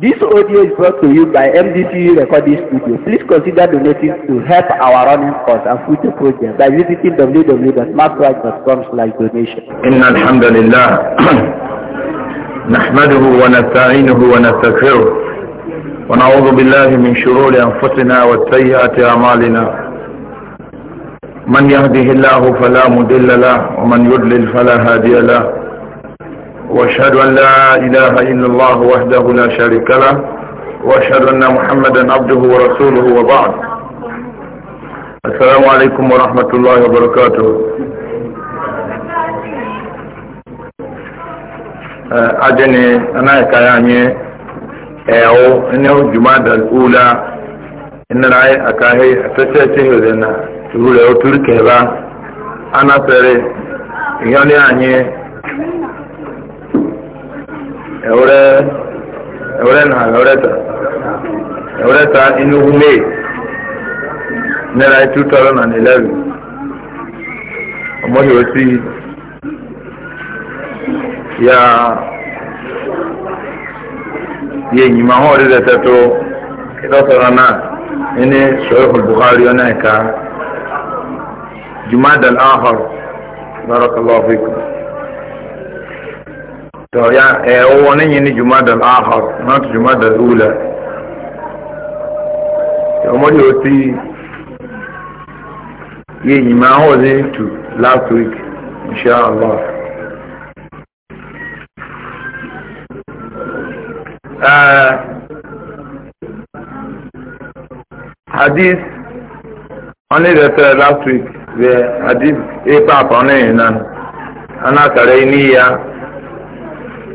This audio is brought to you by MDCU Recording Studio. Please consider donating to help our running costs and future projects by visiting www.markwright.com slash donation. إن الحمد لله نحمده ونستعينه ونستغفره ونعوذ بالله من شرور أنفسنا وسيئات أعمالنا من يهده الله فلا مضل له ومن يضلل فلا هادي له واشهد ان لا اله الا الله وحده لا شريك له واشهد ان محمدا عبده ورسوله وبعد السلام عليكم ورحمة الله وبركاته آه، أجني أنا كياني أو إنه جماد الأولى إن رأي أكاهي أساسيته لنا تقول أو تركه أنا سري يعني أني ẹwúrẹ ẹwúrẹ nà ẹwúrẹ ta ẹwúrẹ ta inugu may naira two thousand and eleven ọmọ yóò sí ya yẹ ẹnyìnmá hàn ọdẹ tẹtẹ tó ìdọ́sọ̀rọ̀ náà ẹni sọ̀rọ̀ buhari ọ̀nà ẹ̀ka jùmọ̀ àdàlù ahọ́rọ̀ lọ́rọ̀ kọlọ́ọ̀fíkù. to ya eh wannan yin jumada al not jumada al-ula to mo ma ho to last week uh, hadith only that uh, last week the hadith a papa on and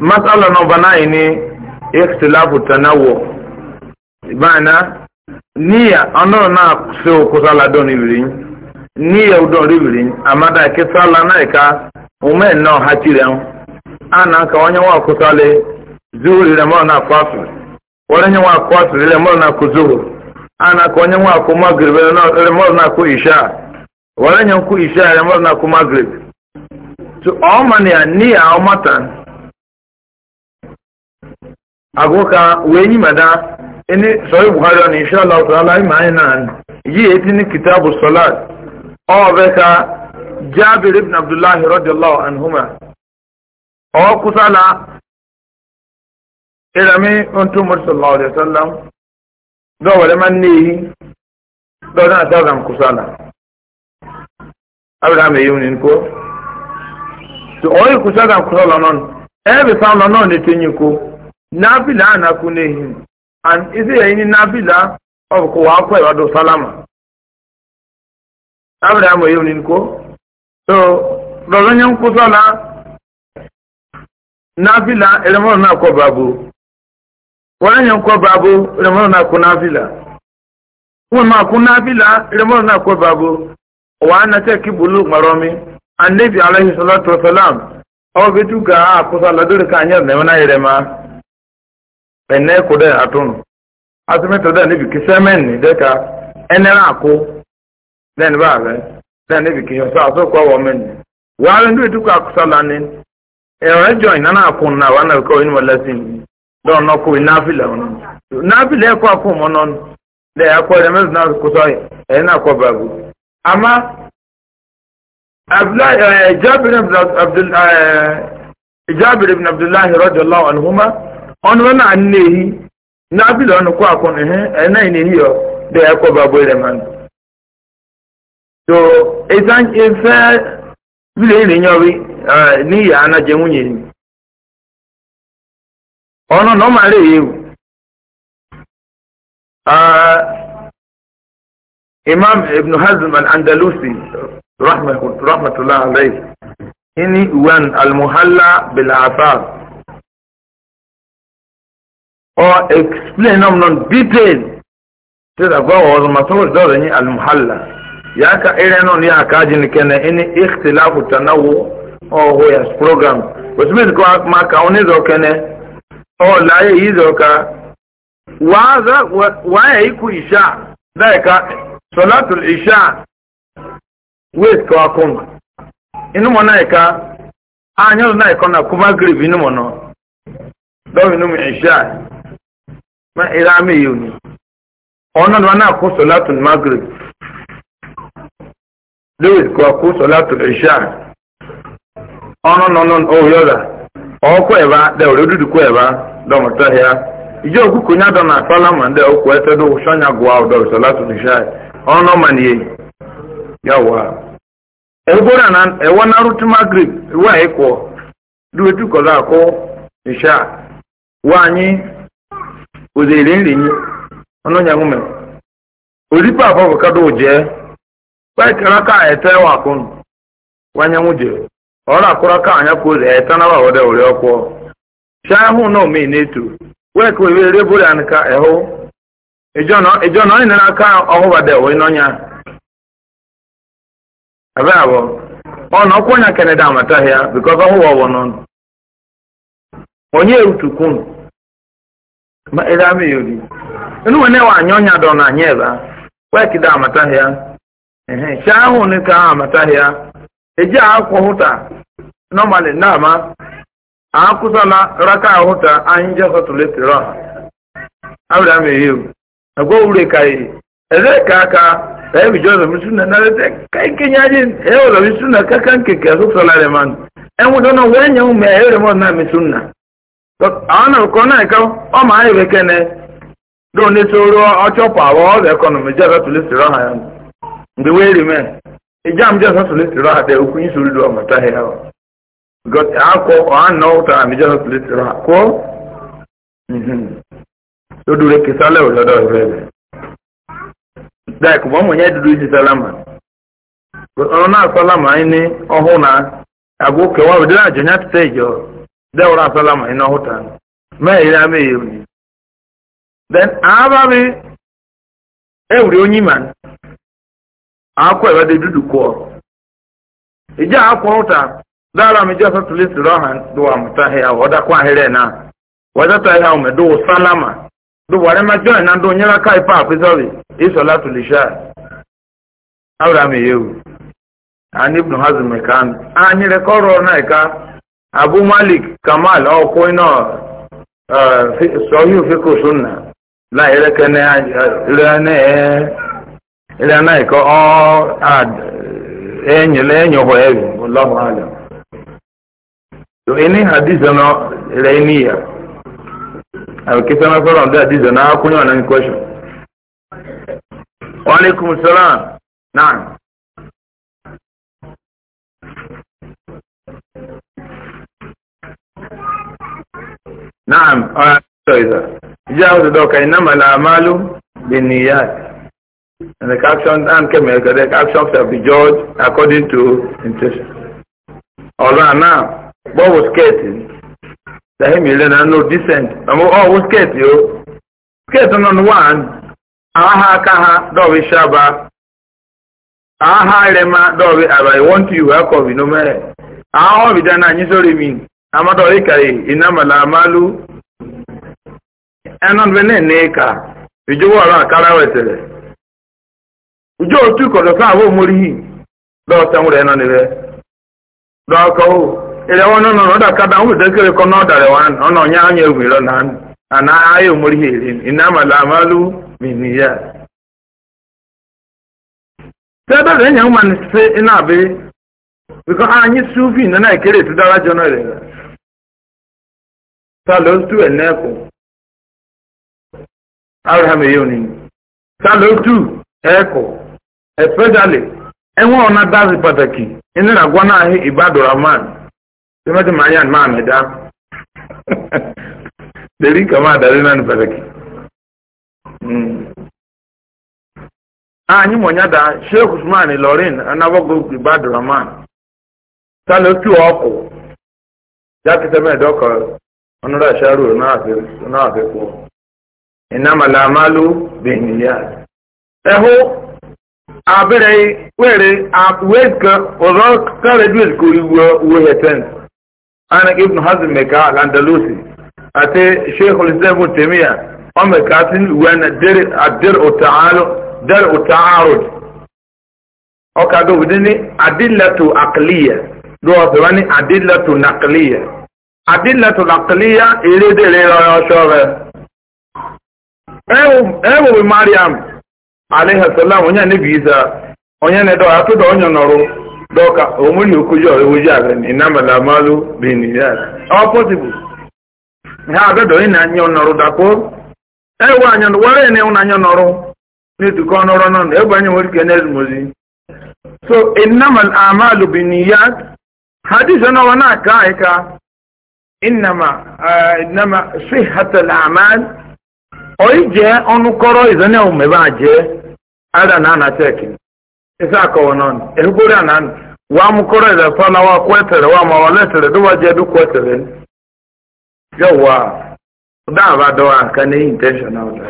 masala nọmba naịn ni ikhtilafu tanawu bana niya ọnọrọ na akwụsị kusala don ibiri niya udon ibiri amada ke sala na ika e ume na a ana ka onye wa kusale zuhuri le mọ na kwasu wala onye wa kwasu le mọ na kuzuhuri ana ka onye nwa akụ magrib remọz na-akụ isha onye nye nkwụ isha remọz na-akụ magrib so ọ ma na ya n'ihi ahụmata wee yi mada ini sahih bukhari on inshallah ta'ala ma ina yi etini kitab as o beka jabir ibn abdullah radiyallahu anhuma o kusala irami onto sallallahu alaihi wasallam do wala manni do na tazam kusala abra me yunin ko to sa nabila a na-akwụ n'ehi and isi ya ini nabila ọ bụ kụwa akwụkwọ ịwado salama abịara amụ ewu n'ikwo so rọrọ nye nkwụsọla nabila eremọrọ na-akwọ babu wọrọ nye nkwọ babu eremọrọ na-akwụ nabila wọn ma akwụ nabila eremọrọ na-akwọ babu wa na teki bulu maromi annabi alaihi salatu wasalam ọ bụ etu ga akwụsọla dole ka anyị na-enwe na-erema ene ko da atun asime to da ne kisemen ni de ka ene ra ko ba re den ne bi ki so aso wo men wa re ndu tu kusala ni e re join na na kun na wa na ko in wala sin do no ko na fila on na fila ko ko mo non de akwa re mes na ko so e na ko babu ama abla e, Jabir ibn Abdullah e, Jabir ibn Abdullah radiyallahu anhuma ọnụ na anị na-ehi na abịla ọnụ akwụ na ihe anaghị na-ehi yọ dị ya kwọba bụ ere mmanụ so ịsa ife bile enyi na-enye ọrị n'ihi anaje nwunye gị ọnụ na ọ mara ewu imam ibn hazm al-andalusi rahmatullah alayhi ini uwan al-muhalla bil or explain them non detail sai da ba wa zama saboda dole ne al-muhalla ya ka ire non ya ka jin kana in ikhtilafu tanawu or who has program wasu mai ko ma ka wani zo kana or la ya yi zo ka wa za wa ya yi ku isha da ka salatul isha wait ko akon inu mo na ka anyo na ko na kuma gribi inu mo no do inu mi isha na ira ama eyo ni ọ̀nà ni náà kó sọ̀látù magreth lewis kò kó sọ̀látù ìṣá ọ̀nà nọ̀nà òyọ̀dà ẹ̀bá dẹ̀ ọ̀rẹ́ dúdú kọ̀ ẹ̀bá dọ̀mọ̀tọ̀ ẹ̀yà ìjọ òkúkú ní àdọ̀nà àfọlámà ndẹ̀ ọ̀kọ̀ ẹ̀tẹ́ dọ̀ sọ́nyà gùwà ọ̀dọ̀ sọ̀látù ọ̀nà ọ̀mà yà wà. magreth wà ẹ̀kọ́ òzèrè ńlè yín ọlọ́nyà ń mẹ́ òzípà ọrụ akụrụ aka anya ẹ̀tẹ́ wà kún wányẹ́wó jẹ́ ọ̀rọ̀ àkúrákà àyàkó ẹ̀tẹ́ náà wà wọ́dẹ̀ òrẹ́ ọkọ ṣááhùn náà mí n'ètò wẹ́ẹ̀kì wẹ́ẹ́ rébúrẹ́ àníkà ẹ̀hó ìjọ náà ìnira ká ọ̀húbàdẹ̀ òwe nọ́nyà ẹ̀bẹ́ àbọ̀ ọ̀nà ọkwọ́nyà kẹ́nẹ̀dà àmàtà ya bìkọ́sọ́ ọ̀húwọ̀ wọ̀ nọ́nù onye erutukunu ma ebe ama ya ori inu wene wa anyo nya dona anya eba wa kida amata ya ehe sha hu ne ka amata ya eji akwo huta normally na ma akusala raka huta anje hotule tira abra me yu agwo ure kai ere ka aka e. e bi jozo misuna na rete kai e kenya jin e o lo misuna ka kan ke ka so sala le man en wo dono wenya mu me e re mo na misuna àwọn náà náà kọ́ ọ máa ń rè kẹ́nẹ́ lóun ní sọ́rọ́ ọjọ́pọ̀ àwọ̀ ọ̀rẹ́ ẹ̀kọ́nọ̀mì jẹ́ sọ́tùlẹ̀ sí rọ́hà yẹn ya wẹ́rì mẹ́ ìjà mi jẹ́ sọ́tùlẹ̀ sí rọ́hà tẹ okùn yín sórí lọ ọmọ táyà yẹn o gọ́tì àkọ́ ọ̀hán náà ó tàà mi jẹ́ sọ́tùlẹ̀ sí o kọ́ lódù kì dúdú sálámà náà sálámà yín ní náà àjọyàn ti ìjọ dẹ́wọ́rọ́ iná mẹ́rin then àábá mi ẹ̀wùrì onyìmá àákọ́ ẹ̀rọ de dúdú kọ́ ìjà àákọ́ húta dára mi jẹ́ sọ́tùlẹ̀ sọ̀rọ̀ hàn dùn àmúta hẹ́ àwọn ọ̀dà kọ́ àhẹ́rẹ́ náà wọ́n tẹ́tà hẹ́ àwọn ẹ̀dọ́ sálámà dùn wàrẹ́ má jọ́ ẹ̀nà dùn ká ipá àfẹ́sọ́rì ìsọ̀lá tùlẹ̀ ṣá àwùrà mi wù. hazùmẹ̀ká náà abu malik kamal ọkọ iná sọyún na súnà láì rẹ́kẹ́nẹ́ ìrẹ́nà ìkọ́ ẹ̀yìnlẹ̀ ẹ̀yìnwó ẹ̀rù lọ́wọ́ àlọ́ so ini hadith na rẹ̀ níyà àwòkí sọ́nà sọ́rọ̀ ọ̀dọ́ hadith akúnyọ̀ ọ̀nà question. نعم إذا جاءوا ذلك إنما الأعمال بالنيات and the caption and camera the caption shall be judged according to intention. Although now, what was skating? The him you learn no decent. I'm oh was skate you. Skate on one. Aha kaha dobi shaba. Aha lema dobi i want you welcome no Aha mean. amadu ikari inamala amalu ẹnan bẹ náà ní ìka ìjọwọ ọrọ àkàrà wẹtẹlẹ ìjọ òtún ìkọdọ fún àwọn òmùrí yìí lọọ sẹwọn rẹ náà níbẹ lọọ kọ ó ìrẹwọ náà nọ ọdọ kadà ń wùdẹ kéré ana sufi jọ sáàlọ́ tú ẹ̀ nẹ́ẹ̀kọ́ abraham èyí òní sáàlọ́ tú ẹ̀ẹ̀kọ́ especially ẹ̀wọ̀n ọ̀nà dáàsì pàtàkì ẹni ràgbọ́n náà ìbádùn rahman tí wọ́n máa yàn máa mẹ́dá kà máa dàrí náà ní pàtàkì. ààyè hmm. mọ̀nyádà sheikh usman lọ́rìn anábọ́gbọ́ ìbádùn rahman sáàlọ́ tú ọkọ̀ jákèjẹ́ mẹ́ẹ̀dọ́kọ̀ọ́. wọn rà ṣàrò náà àfikún iná màlámálú bènìyà ẹhú abẹrẹ wẹrẹ wẹẹd kan ọzọ kárẹdúwẹsì kò rí wọ hẹtẹn anak ibn hazm mẹka landalusi àti sheikh olùsẹ́yìn fún tèmíyà wọn mẹka ti wẹ na dẹrẹ àdẹrẹ òtàárọ dẹrẹ òtàárọ ọkadọ òdini adilatu akiliya lọ́wọ́ sọ wọn ni adilatu adillatu laqliya iledere rọrọ ṣọ́rẹ̀ ẹwùwì mariam aleyhasalam onye níbi isa onye nẹdọ onye nọrọ dọka omúlì okójọ ní ọ ha abẹdọ yìí na anyọ nọrọ dàpọ ẹwù anyọ wọrẹ ní ẹwù n'anyọ nọrọ n'etukọ nọrọ nọrọ ẹwù anyọ nwere ike na so ìnámàlà málú bí nìyà hadith ọ̀nà wọn náà ká إنما إنما صحة الأعمال أيجا أن كرو إذن يوم باجة هذا نانا تاكن إذا كونان إلقوا نان وام كرو إذا فانا وكوتر وام ولتر دوا جدو كوتر جوا دعوا na كان intention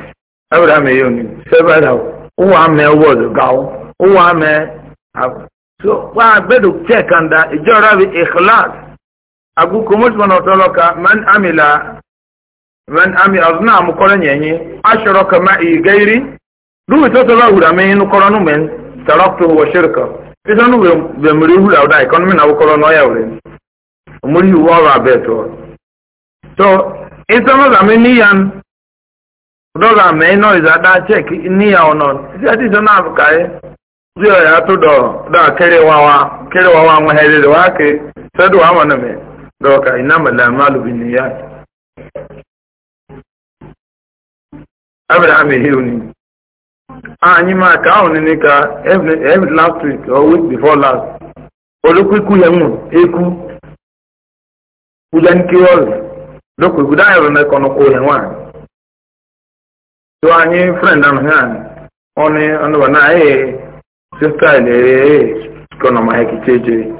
of that ميوني سبعة هو عم يوضع قاو هو عم so wa bedu check and that ikhlas aguku mọ́sùmọ́nà ọ̀tọ́lọ́ka man amila man ami ọ̀zọ́nà àmúkọ́rọ̀ yẹ̀yìn aṣọ́rọ̀kà ma ìgẹ́rí lúwì tó tọ́lọ́ hùrà mí inú kọ́rọ́ nù mẹ́n tàrọ́pù wọ ṣírkà títọ́ nù bẹ̀mùrí hùrà ọ̀dà ìkọ́nùmí náà wọ́kọ́rọ́ n'ọ́yà rẹ̀ òmùrí ìwọ́ ọ̀rọ̀ abẹ́ tó. tó ìtọ́nù làmí níyàn dọ́là mẹ́yìn náà ìzàdá check níyà ọ̀nà títí àti ìtọ́nù àbùkáyé bí ọ̀yà tó dọ̀ dọ̀ kéré wá wá kéré wá wá wọn hẹ́rẹ́ rẹ̀ wá ké sẹ́dù dọ́ọ̀ka ìnáàmà làmàlù bí nìyá abẹ́rẹ́ àmì hill ni ààyè máa káwọn ní ka every last week or week before last olùkúkú yẹn mú eku kúlẹ̀ ní kíwọ́ọ̀lù lókùn ìkúdá ẹ̀rọ mẹ́kọ̀ ní kó yẹn wà tó friend àmì na wọn ni ọ̀nà wà náà ẹ̀ẹ́ sísá ilẹ̀ ẹ̀ẹ́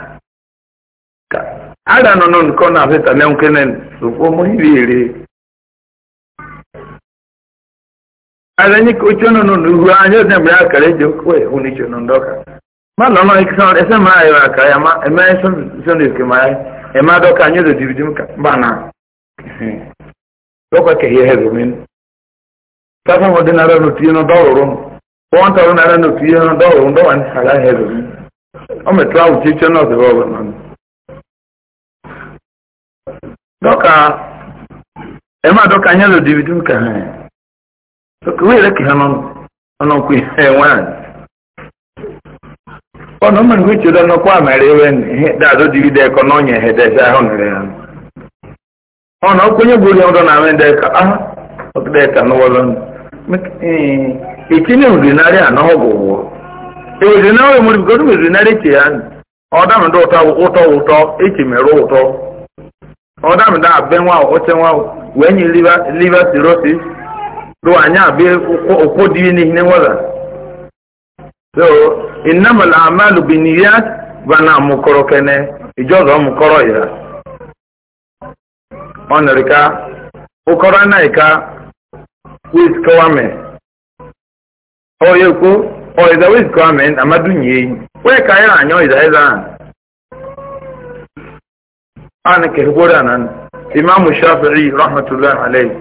ara nọ n'ụkọ na-afịta na nkene ụkwụ mụhiri ere ada nye ka oche nọ n'uhu anya na mgbe ya kara eji okwu ehu nọ ndọka ma nọ nọ ikisa ese ma ya ma eme sọ na ma ya eme adọka anyị ọdọ ka mba na dọkwa ka ihe nara ihe nọ dọrụrụ m nara iche dɔka ɛma dɔka nyɛ lɔ dibi dum ka hɛn dɔka wo yɛrɛ ki hɛn ɔnɔ kui hɛn wan ɔnɔ mɛn kui tsyɔ dɛ ɔnɔ kɔ amɛri wɛn daa dɔ dibi dɛ kɔ n'ɔnyɛ hɛ dɛ sɛ ɔn rɛ ɔnɔ kɔ nyɛ yɛn dɔ na dɛ ka ah ɔkɛ dɛ ka lɔn eti ne anɔ mo ni dɔ ọdọ mi dá abẹ nwa o ọtẹ wọn o wẹẹ nyi liver liver cirrhosis do anya abe ọkọ di ni ọ wọn la so ìnàmọlá amalu bìnnìyà bana mukọrọ kẹnẹ ìjọba mukọrọ yìí ọnàrìkà ukọrọ anáyìká wíìsì amadu nye kó ọyẹdà wíìsì kọwámẹ amadunyi wẹẹ káyọ ànyọ ịza hàn. ana ke gora nan imamu shafi'i rahmatullahi alayhi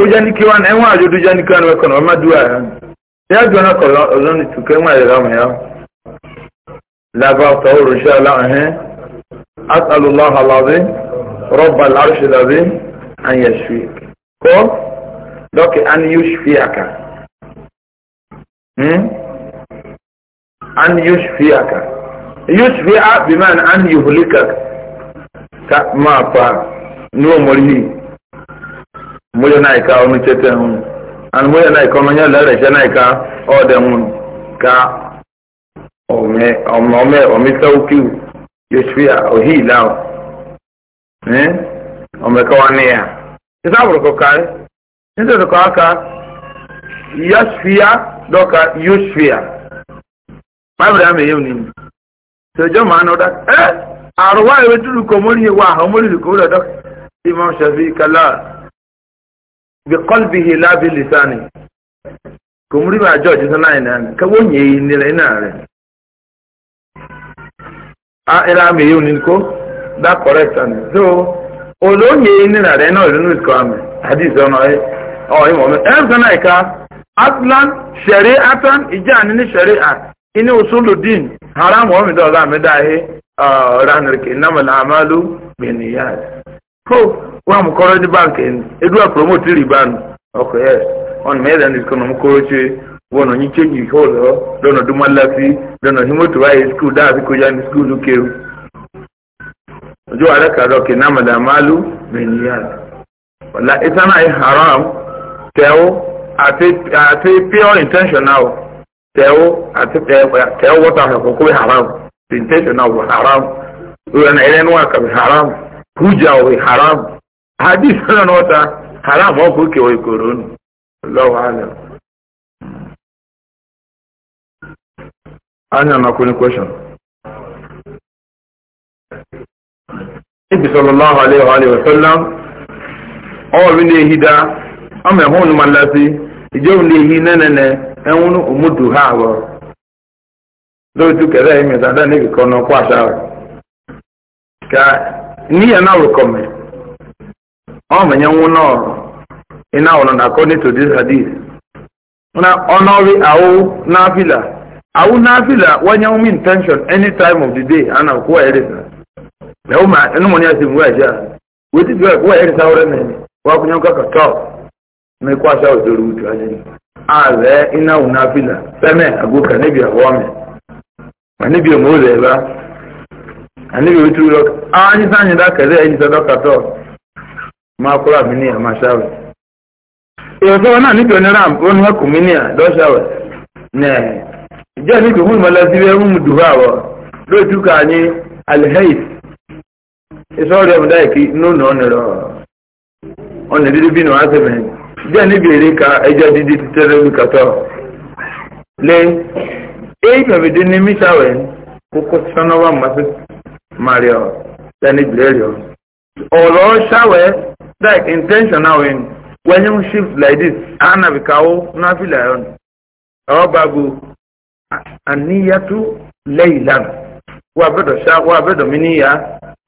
o jani ki wan enwa ajo du jani kan we kono ma duwa yan ya jo na ko lo ni tu kan wa ra ma ya la ba tawru insha Allah eh as'alu Allah al rabb al-arsh an yashfi ko donc an yushfiaka hmm an yushfiaka yutfi'a biman an yuhlikak ka ma fa no mori mulo na ka onu chete hun an mulo na ka onyo la re na ka ode hun ka ome ome ome sauki yutfi'a ohila eh ome ka wania isabro ko kai e? ndio ko aka yasfiya doka yusfiya mabra me yoni tẹjọ́ máa nọ dá ẹ́ àrùwá ìwé dúró kò mórí wa àwọn mórí kò rẹ̀ dọ́ imam shafi kala bi kọlbi hi labi lisani kò mórí bá jọ jùlọ náà ìnáà ní káwọ́ nyẹ yìí nílẹ̀ iná rẹ̀ a ìlà àmì yìí ní kó dá correct àná so olóò nyẹ yìí nílẹ̀ náà ìlú nìkọ́ àmì àdìsí ọ̀nà ẹ̀ ọ̀ ìmọ̀ mi ẹ̀ ń sọ náà ìka atlan sẹ̀rí atan ìjà ní ní sẹ̀rí àti. ini usulu din haram wa mi do ga mi da he ah, ranar ke namal amalu bin niyat ko wa mu koro di bank en edua promote riba no okay yes on me then iskono mu koro che wono nyi chenji holo dono dumalasi dono himoto wa school da bi ko jani school ke ojo ala ka do ke namal amalu bin niyat wala itana haram tell ate ate pure intentional tẹ́wọ́ àti tẹ́wọ́ wọ́tà àkọ́kọ́ kó haram náà wọ haram haram haram náà haram nù Anya na question. Ibi sallallahu alaihi wa sallam, ọ wà na ehida, ìjọba lè hi nẹ́nẹ́nẹ́ ẹ̀hún òmùtù ha àwọ̀ lóòtú kẹlẹ́ ẹ̀mí ìtàdá níbi kan náà kó àṣà rẹ̀ ká níyẹn náà rò kọ̀mẹ̀ ọmọ ẹ̀yẹ ń náà iná ọ̀nà nàkọ́ this hadith na ọ̀nọ́rí àwọ̀ náfìlà àwọ̀ náfìlà wọ́n yẹn intention any time of the day àná kó ẹ̀rẹ́ ka mai kwasha wajen rubutu a jini a zai ina wuna fila same agoka ne biya wa mai wani biya mu zai ba a ne biya wutu rock a an yi sanyi da ka zai yi sadaka to ma kura mini a ma shawe yau sai wani ni ni ram wani haku mini a don shawe ne jẹ́ ní kò fún ìmọ̀lẹ́sí bí ẹ̀rùn dùbà wọ̀ lóòtú ká ní alhaif ìsọ̀rọ̀ ẹ̀mọ̀dá ìkí nínú ọ̀nà ọ̀nà dídí bí nù jẹ́ níbi èrè ka ẹja dídí títẹ́ lórí kàtọ́ lé èyí pẹ̀lú ní mísàwẹ̀ kókó sọ́nọ́wà màsí mario tẹ́ni blérios ọ̀rọ̀ ṣàwẹ̀ like intentional win when you shift like this anabikawo nafila yon ọ̀ bàbù àníyàtú lẹ́yìn lánàá wọ́n abẹ́dọ̀ ṣá wọ́n abẹ́dọ̀ mi níyà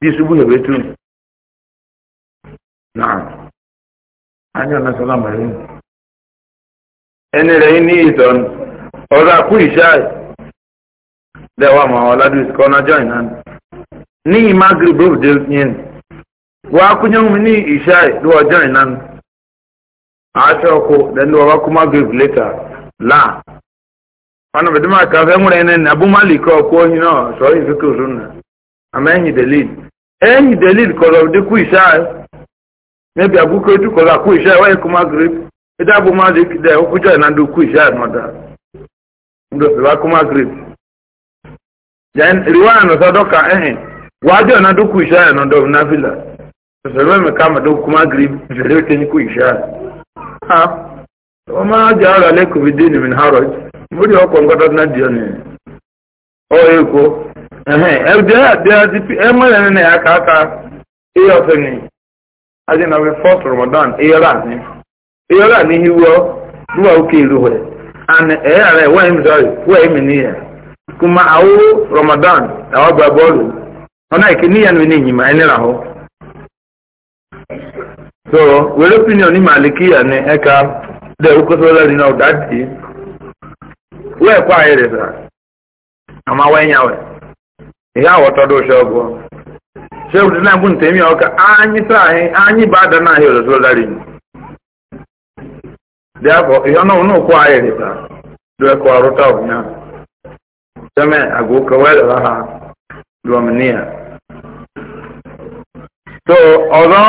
bí ṣubú yẹ̀wé tún. anya na salam alayhi ẹni rẹ̀ ní ìtàn ọ̀rọ̀ àkú ìṣá dẹ̀wà mọ̀ ọ̀làdùn ìsìnkọ́ náà join náà ní ìmá gírígbó òde yẹn wọ́n akúnyẹ́wò ní ìṣá ìdúwọ̀ join náà aṣọ ọkọ̀ lẹ́nu ọba kúmá gírígbó létà láà wọn bẹ̀rẹ̀ máa kà fẹ́ múra na abúmálì kọ́ ọkọ̀ ọyìn náà sọ ìfikẹ́ òṣùnà àmọ́ ẹ̀yìn Enyi kọrọ maybe aguko tu kola ku isha wa ku magrib ida bu malik da ku jo na ndu ku isha no da ndo wa ku magrib then riwaya no sadoka eh wa jo na ndu ku isha no do na fila sasa me kama do ku magrib jere te ni ku isha ha wa ma jaala alaykum bidini min haraj muri ko ngodo na dio ni o eko eh eh e de de ti e mo ne ne aka aka e ofeni ajẹ́ na wí fọ́ọ̀tù ramadan ìyọ́rà ní ìyọ́rà ní hiwọ́ níwà and ẹ̀yà rẹ̀ wọ́n ẹ̀mí sọ́rí wọ́n ẹ̀mí awụ ramadan àwọn gba bọ́ọ̀lù ọ̀nà ìkè níyà ní ìyìnmá anyị rà so wẹ́rẹ́ opinion dị ihe shehu dị na-abụ ntị emi ọka anyị anyị ba ada na ahịa ọzọ lari afọ ihe ọnụ ọnụ ụkwụ anyị rịba dụwe ka ọrụ taa ọbụnya seme agụ ụka wee ha dụọminia so ọzọ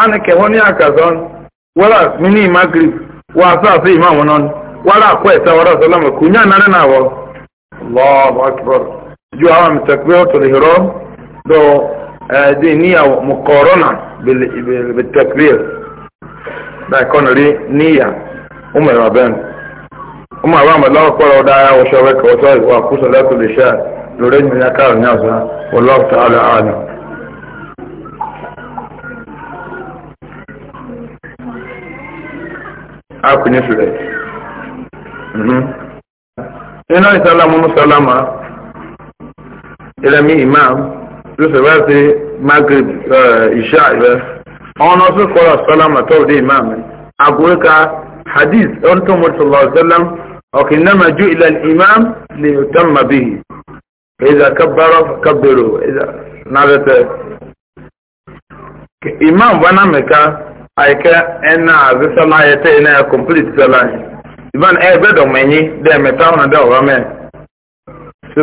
anyị kewọ mini magrib wọ nọ na do e, diniya mukorona bitakbir da e, konori niya umar e aben umar ba mala kwara da ya wasu wai ka wasu wa kusa da ku lisha lura min ya kawo ya sa wallahu ta'ala alam akunye su dai ina isalamu musalama ilami imam a bá ti magreb ìṣá ìbẹ́ ọ̀nà ọ̀sùn kọ́lá sọ́lámà tọ́wọ́ dé ìmáà mi àgùrẹ́ ka hadith ọ̀n tó mọ̀ ju ilẹ̀ ìmáà lè tán mà bí ìdá kábàárọ̀ kábèrò ìdá nàbẹ̀tẹ̀. ìmáà bá nà mẹ́ka complete sọ́lá yìí ìbáni ẹ̀ bẹ́ẹ̀ so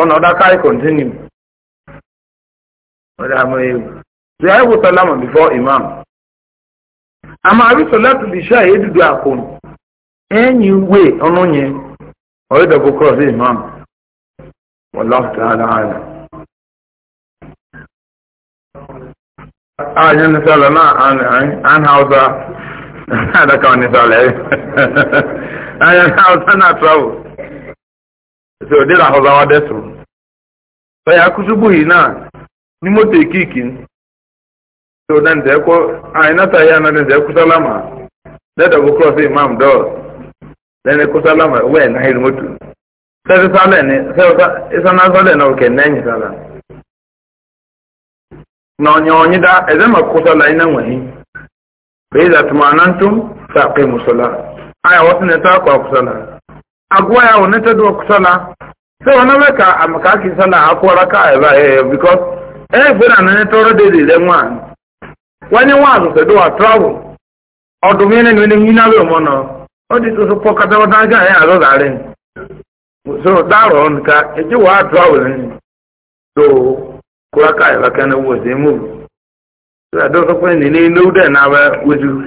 ọnụ ọ̀dá kárí kọ̀ntínú ọ̀dá àmọ́ ewu dị a wò sálámà before imam àmọ́ àrísọ láti lè ṣe àyè dúdú àkùn ẹ̀yìn ìwé ọ̀nà yẹn ọ̀rẹ́ dọ̀bù cross imam wàláhù tààlà àlà. a nye ní sálọ náà an adaka wọn ní sálọ ẹ travel. ẹsẹ̀ òde là ọ̀zọ́ wa dẹ́tù sọ̀yà kùsùbù yìí náà ní mọ́tò ìkíkì tó dẹ́ntẹ́ kọ́ àyínáta yà náà dẹ́ntẹ́ kùsàlámà dẹ́tẹ̀ bó kúrọ̀sì imam dọ́ọ̀ lẹ́ni kùsàlámà wẹ̀ náà hẹ́rì mọ́tò sẹ́tí sálẹ̀ ní sẹ́wọ́sá sálẹ̀ náà kẹ̀ nẹ́yìn sálà na ọ̀nyẹ̀ ọ̀nyẹ̀ dá ẹ̀zẹ̀ mà a agwa ya onetado okusala so onawe ka amaka akisala akwara ka eba eh because eh gbera na netoro nwa anyị nwa azu se do travel odumene ni ni na we mo no odi so azo dare ka eji wa travel ni uh, so kura ka wo do so ni ni de na wuju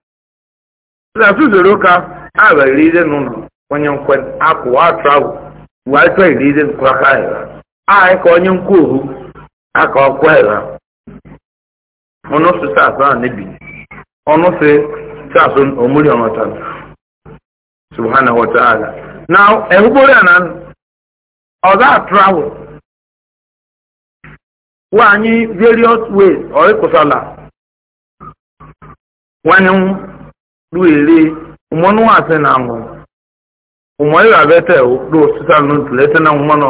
na tuzuru ka a bari ize n'ụlọ onye nkwen apụ wa travel wa chọọ iri ize nkwaka ịra anyị ka onye nkwa ohu aka ọkwa ịra ọnụ sụ saasụ na-ebi ọnụ sụ saasụ omuli ọnọta subhanahu wa ta'ala na ehugbori a na ọza travel wa anyị various ways ọ nwanyị duere umonu ase na ngo umoyo abete o do sisa no tulete na umono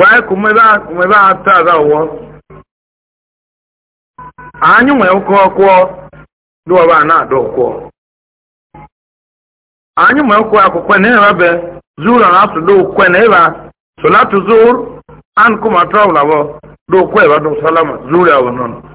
wa kumeba kumeba ata za wo anyu mwe ko ko do ba na do ko anyu mwe ko akokwe ne ba be zura na su do ko ne ba salatu zur an kuma trawla bo do ko ba do salama zura wa nono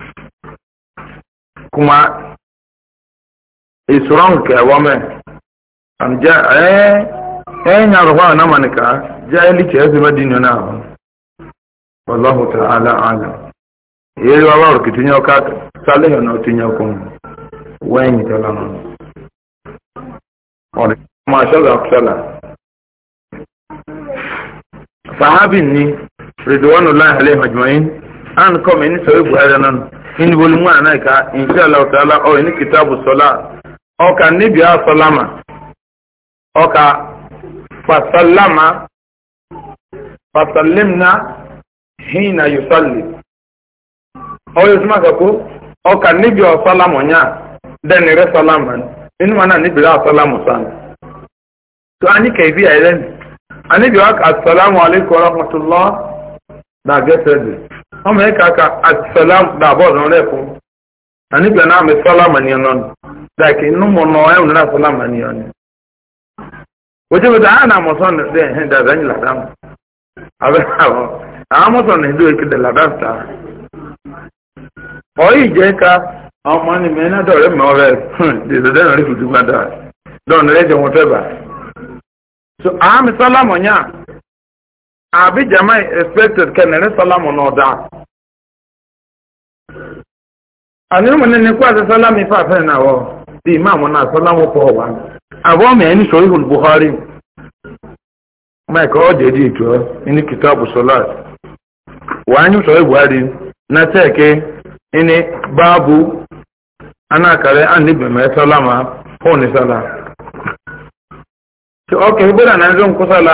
kuma is wrong an ja eh eh nya roho na manika ja eli ke zima dinu na wallahu ta'ala ala yeli wa wa kitinya ka sale na tinya ko wen ta la no ore ma sha ni ridwanullahi alaihi ajma'in an kom ni so ibu hadanan in volume one na ka insha Allah ta'ala o in bụ sola o nibia nabi sallama o ka fa sallama fa sallimna hina yusalli o yusma ka ko o ka nabi sallama nya den re sallama mana nabi sallama san to ani kai bi ayren ani bi wa assalamu alaikum wa na da gasabi ọmọ mee ka asalam dàbọ̀ ọ̀dọ̀ rẹ̀ fún àníbẹ̀ na mi na ni ọ̀nà dàkí inú mọ̀ nọ ẹ̀ ọ̀nà sọ́lámà ni ọ̀nà. ojú mi dáhà náà mọ̀ sọ́nà dẹ̀ ẹ̀hìn dàbẹ̀ ẹ̀yìn làdá mu abẹ́ àwọn àwọn mọ̀sán ní ìdúró ìkéde làdá ta. ọ̀yì jẹ́ ká ọmọ ni mi náà dọ̀rẹ́ mi ọ̀rẹ́ dèdè náà rí fùdú gbàdá dọ̀nà rẹ̀ jẹ́ wọn fẹ́ bá. so àwọn mi sọ́lámà yàn Abi Jamai expected kenere salamu n'ọda. Anyị ne ne kwasa Salamu fa fe na dị ime imamu na salamu po wa. Abụọ me ni so ihul Buhari. Ma dị o de di to ọ bụ salat. Wa anyị so Buhari na teke ini babu ana kare an ni be me salama po ni sala. Ti o ke bi na nzo nkusala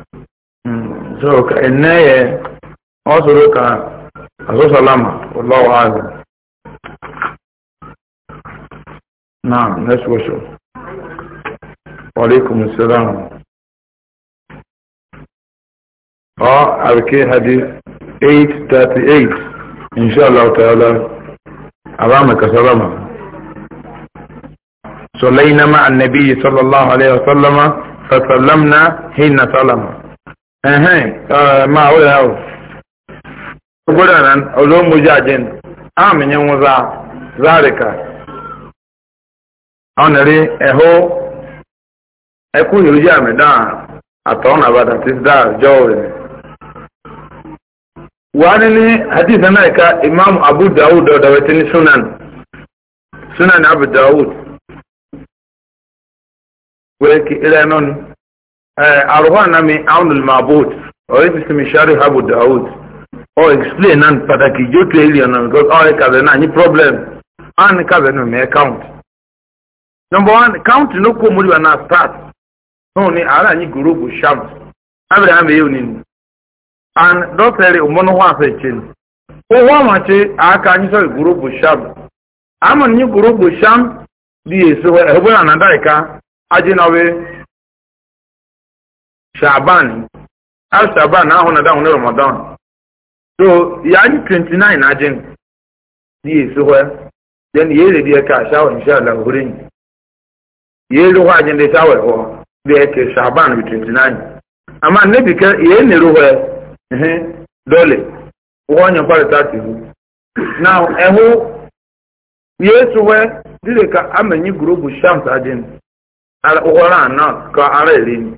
so ka ene ye o soro ka aso salama wallahu نعم نفس وشو وعليكم السلام اه اركي حديث 838 ان شاء الله تعالى امامك سلامه صلينا مع النبي صلى الله عليه وسلم فسلمنا حين سلم ẹ̀hẹ́n máa ó yà ó gbọ́dọ̀ náà olóńgbòjì àjẹn àmì yẹn wọn zá zárìkà ọ̀nà rí ẹ̀hó ẹkú ìrújì àmì wàá náà imam abu dawud ní abu dawud ni. àrùwánà eh, mi aunul mabot ọ̀rẹ́ ti sinmi sari habu daoud or explain náà pàtàkì jókè alien náà because ọ̀rẹ́ kàbẹ̀ na ní problem ọ̀rẹ́ kàbẹ̀ no me count. number one count ló kó na náà start no ni ara ní sham abẹ́rẹ́ be yóò nínú and dọ́tẹ̀rẹ̀ òmọ́nú wọn àfẹ́ ìkye ni ó wọ́n wọn ṣe àáka ní sọ̀rọ̀ gurupu sham sham di èso ẹ̀hóbó náà nàdá ìka ajínàwé. shaban al shaban na ahụ na dahụ na ramadan so ya anyị 29 na jin ni yesu hwa den ye le die ka shawa insha Allah hurin ye ru hwa jin de shawa ho de ke shaban with 29 ama ne bi ke ye ne ru hwa eh dole wo nyo kwale tati hu now ehu yesu hwa dile ka amanyi group shams ajin ala ora na ka ara elini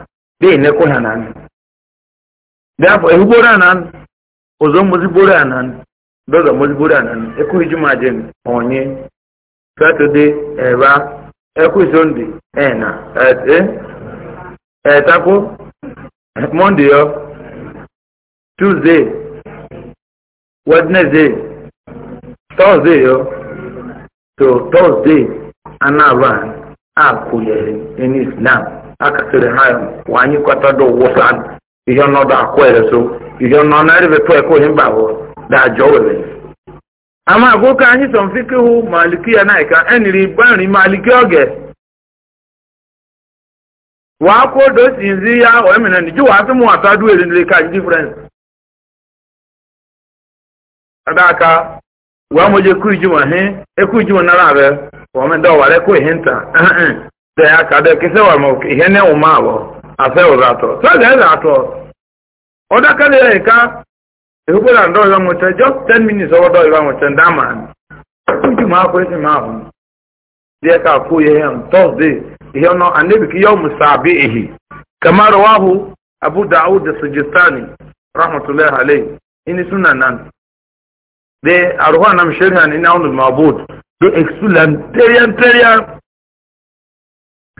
dee ne ko hanan therefore ehu bora anan ozo mozi bora anan dozo mozi bora anan eku ijuma jem onye saturday eba eku ena ete etako monday yo tuesday wednesday thursday yo so thursday anaba akuyere e in islam akasịrị ha wa anyị kwatado wụsa ihe ọnọdụ akwa ere so ihe ọnọ narị bekwa ekwe onye mba ahụ dajọ were ama agụ ka anyị sọ mfike hụ maliki ya naika eniri banri maliki oge wa akwa odo si nzi ya o emere ni ju wa asị mụ ata du eri nri ka ndị frens adaka wa mo je kuju ma he ekuju na rabe nara abịa, do wa ndị ko hinta ihe nta. sɛ akadɛ kisɛ wa ma ihe ne wo maa wɔ asɛ wo zatɔ sɛdɛ ɛdɛ atɔ ɔdaka ya yɛ ka ehugbo e e la ndɔ just ten minutes esi e ka ko yɛ hɛn thursday ihe ɔnɔ anabi ki yɔ musaabi ehi kamara wahu abu daud sujistani rahmatulahi alayhi ini suna nan de anam ina mabud do terian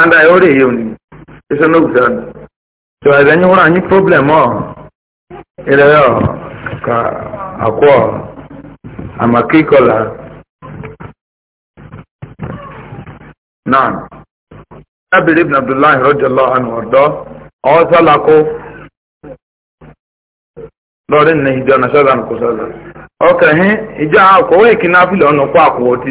anda i ore yau ne isa na guda ne to a zanyi wura anyi problem o ire yau ka akwa a makikola na abir ibn abdullahi rajallahu anhu wardo a wasu lọrin na ijọ na sọ́dọ̀ nìkú ọkà hin ìjọ àwọn akọ̀wé ìkíná ọ̀nà kó tí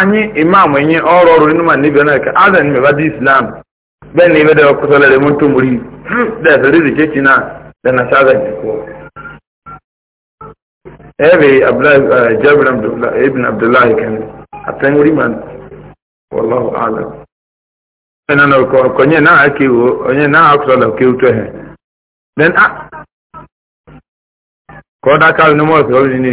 anyị imam enye ọrụ ọrụ nínú ma níbi ọ̀nà ẹ̀ka adàn mẹ́fà dí islam bẹ́ẹ̀ ni ìbẹ̀dẹ̀ ọkùnrin lẹ́lẹ̀ mú tó múrí dẹ̀sẹ̀ rí rìkẹ́kì náà dẹ̀nà sáàzẹ̀ nìkọ́. ẹ̀bẹ̀ jabir ibn abdullahi kan àtẹ̀wérí man wàlláhu ala. ẹ̀nà náà ọkọ̀ ọ̀nyẹ̀ náà akéwò ọ̀nyẹ̀ náà lọ tó ẹ̀. ní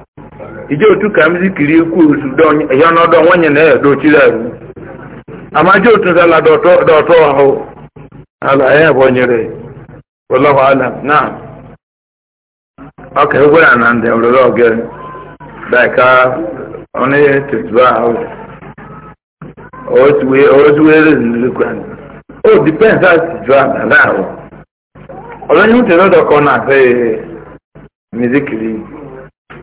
ije otu ka m zikiri ikwu otu ya n'ọdọ nwanyị na ya dochiri arụ amaje otu nsala dọtọ ahụ ala ya bọnyere wallahu alam na ọka egwera na ndị ọrụrụ ọgị daika onye ya tetuba ahụ ozuwere nlekwa o dipens atijua na ahụ ọzọ nye ntị ọdọ ka ọ na-asị mizikiri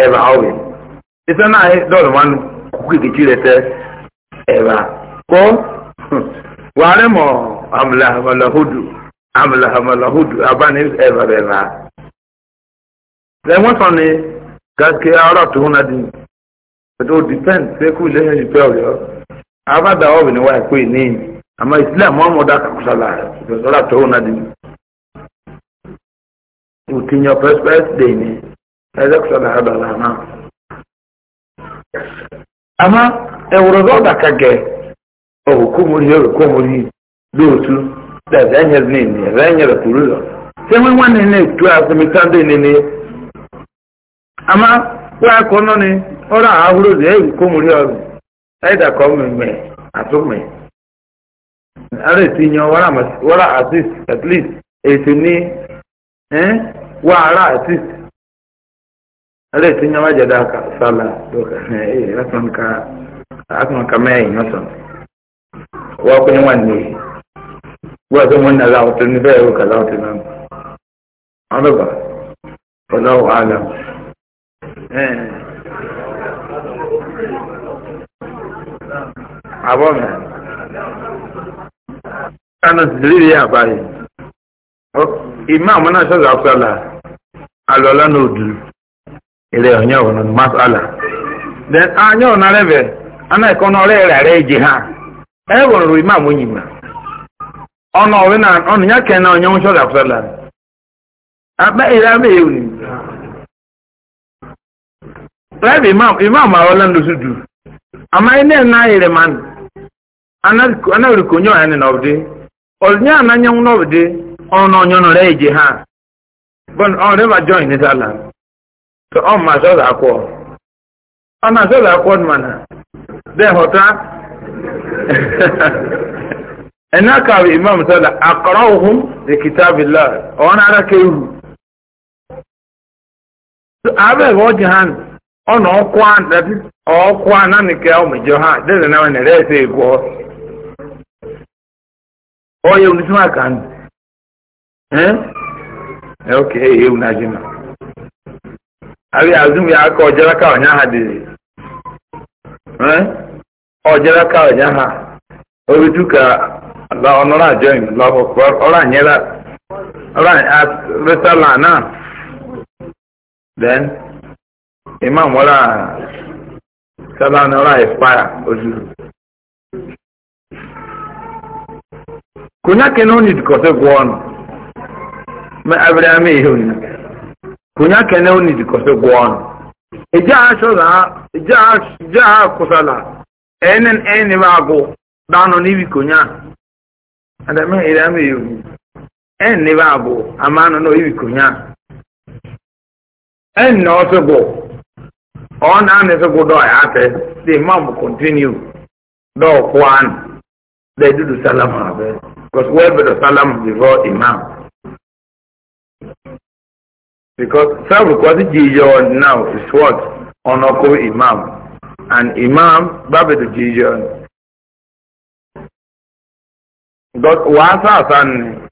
ẹ̀rà ọ̀rẹ́ ìfẹ́ náà dọ̀rọ̀ wọn kékeré rẹ̀ tẹ́ ẹ̀rà kọ́ wàárẹ̀ mọ̀ amúlàhàmàlàhódù amúlàhàmàlàhódù abáni ẹ̀rà rẹ̀ rà. lẹ́wọ́n sọ ni gàkè ara tó hùnà dín pẹ̀lú dìpẹ́ǹd sẹ́kù lẹ́yìn ìfẹ́ ọ̀yọ́ abáda ọ̀rẹ́ ni wà pé ní àmọ́ ìsìlẹ̀ mọ́mọ́dá kàkúsàlà ìfẹ̀sọ́lá tó hùnà dín. òtí yan pẹ́sipẹ́sì dè ní. ẹ̀dọ́kítọ̀ náà dọ̀là náà. Àmọ́ ẹ̀wùrọ̀dọ́ dàkàgẹ̀ ọ̀hùnkúmùrì ọ̀hùnkúmùrì lóòtú dàbí ẹ̀yẹ̀rẹ̀ nìyí ẹ̀rẹ̀ ẹ̀yẹ̀rẹ̀ kúrú lọ. Ṣé wọ́n wá nínú ètò àfẹ̀mísáńdé nínú? Àmọ́ wọ́n akọ náà ni ọ̀rọ̀ àhúrò dì ẹ̀hùnkúmùrì ọ̀rùn ẹ̀dàkọ̀ mẹ̀mẹ̀ àtúmẹ̀. Àrẹ̀ ti yan wọ́rà àtìs at least ètò ní wàhálà àtìs ala ti nyawa jada ka sala do eh, eh, ka eh asan ka asan ka mai nasan wa kun wanne wa zan wannan za ta ni bai ka za ta nan ana ba wallahu alam eh abon ana zuri ya bai imam na sa za sala alola no duru ilé ọ̀nyẹ́ ọ̀nà ní masala then anyẹ́ ọ̀nà rẹ̀bẹ̀ anáìkọ́ náà ọ̀rẹ́ rẹ̀ rẹ̀ jì ha ẹ̀wọ̀n rò imá àwọn yìí ọ̀nà ọ̀rẹ́ náà ọ̀nà yà kẹ́ náà ọ̀nyẹ́ sọ̀rọ̀ àfẹ́lá abẹ́ ìlà abẹ́ yìí ni rẹ̀bẹ̀ imá ọ̀lá dù ẹ̀ náà ọ̀nà ọ̀rẹ́ ọ ma azọ ga akwọ ọ na azọ ga akwọ ma na dị hụta ina ka bụ imam sada akọrọ ohun da kitabillah ọ na aka ihu abẹ bụ ọjị ha ọ na ọkwa dadi ọkwa na nke ọmụjọ ha dịrị na wani rese egwọ ọ ya unu tụmaka ndụ eh ok ewu e, e, na jima ari azum ya aka ojara ka onya ha diri eh ojara ka onya ha obitu ka Allah onora ajo in Allah akbar ora nyela ora at resala na then imam wala sala na ora expire ozu kuna kenoni dikote gwon ma abrami hiyo kunya kene oni di kose gwan eja aso da eja ja kusala enen eni bago dano ni bi kunya ada me ira me yu eni bago amano no ibi kunya en no so go on an so go do ate the mom continue do kwan they do the salam abe because where the salam before imam because self-required jiyọn now is what ọnọkụ imam and imam gbabedo jiyọn but wàá sàásà nì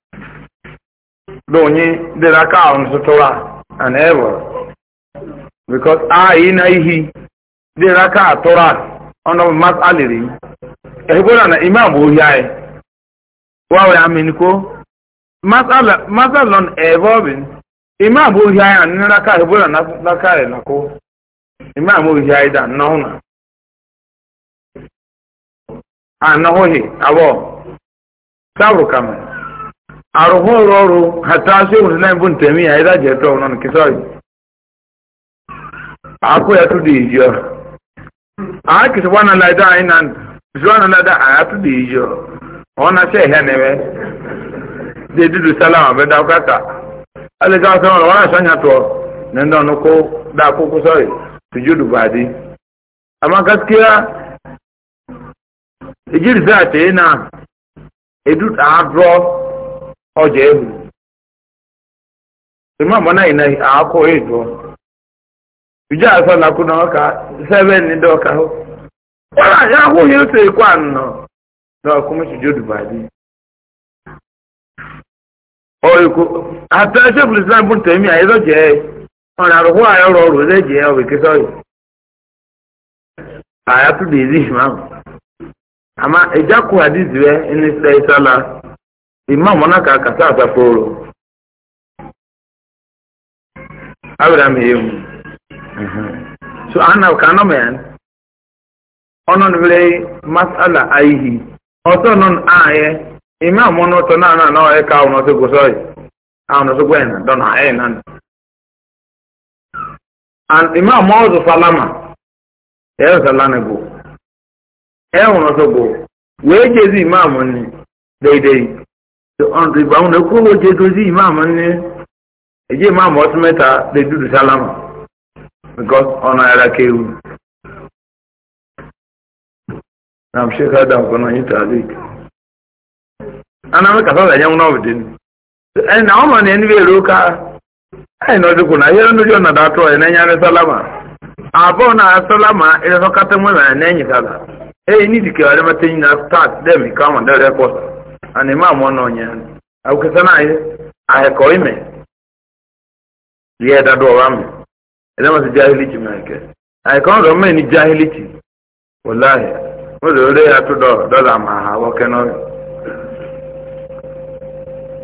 lónyi dèrè aka àwọn and ever because yi na ihi dèrè aka àtọra ọnọbụ mas aliri ehibora na imam ohi anyị wàá wee amịniko mas ime abụ ohi anyị anyị n'aka ebula na anyị ime abụ ohi anyị da nnọọ na anọghị abụọ sabụrụ kama arụhụ ọrụ ọrụ ha taa si ewu ya ẹ̀dá nke tọ́ ọ̀nà ya yìí di ìjọ àákìsí wọn nà láìdá àyìn nà di ìjọ ọ̀nà sẹ̀ ẹ̀hẹ́ nìyẹn dé salama sálàmù abẹ́dá alẹ́gá sọ́nà ọ̀rọ̀ wọ́n àṣàyàn tọ́ nínú ọ̀nà kó dá kókó sọ́rì tìjúdù bàdí. àmọ́ gaskiya ìjírí sí na edu àádọ́ ọjà ewu ìmọ̀ àmọ́ náà iná àákó èdùọ́ ìjọ àṣọ làkúnà ọkà sẹ́fẹ̀n ní dọ́ọ̀ká wọ́n àyà àná náà tìjúdù bàdí. ọ̀rẹ́kọ̀ àtẹ́sẹ̀ islam bó tẹ̀mí àyẹ́dọ̀ jẹ́ ọ̀nà àrùkú àyọ̀rọ̀ ọ̀rọ̀ ẹ̀dẹ̀ jẹ́ ọ̀bẹ̀ kẹsọ̀ yìí àyàtú lè rí imam àmà ìjákù àdìsí rẹ ní sẹ ìsàlà imam ọ̀nàkà kàtà àtàkùrọ̀ abraham ewu so anna kànọ́ mẹ́rin ọ̀nà nìbẹ̀rẹ̀ masala ayihi ọ̀sọ̀ nọ̀ ààyẹ. ime amụnụ to na na ka ọnụ ọsọ gụsọ ọyị ọnụ ọsọ gwen na nan and ime amụ ọzọ falama ẹ ọsọ lana gụ ẹ ọnụ ọsọ wee jezi ime amụ nni deidei ọnụ igba ọnụ ekwu ụlọ je ime amụ nni eji ime amụ meta salama because ọnụ ara ka ewu na m da ọkụ na talik anamị kasa ọzọ anyanwụ n'ọbụ na ọma na enwe ero ka anyị na ihe ndị ọna da atụ na-enye salama abụọ na salama ịrịsọ kata na na na-enye sala eyi ni dike ọrịa mata na start dem ka ọma dọrọ na onye na anyị ahịkọ ime ya dadu ọwa mi ẹdá wọn ti jahilichi mẹkẹ àìkọ́ ọ̀rọ̀ mẹ́rin ni jahilichi wọláhẹ̀ wọ́n lè rí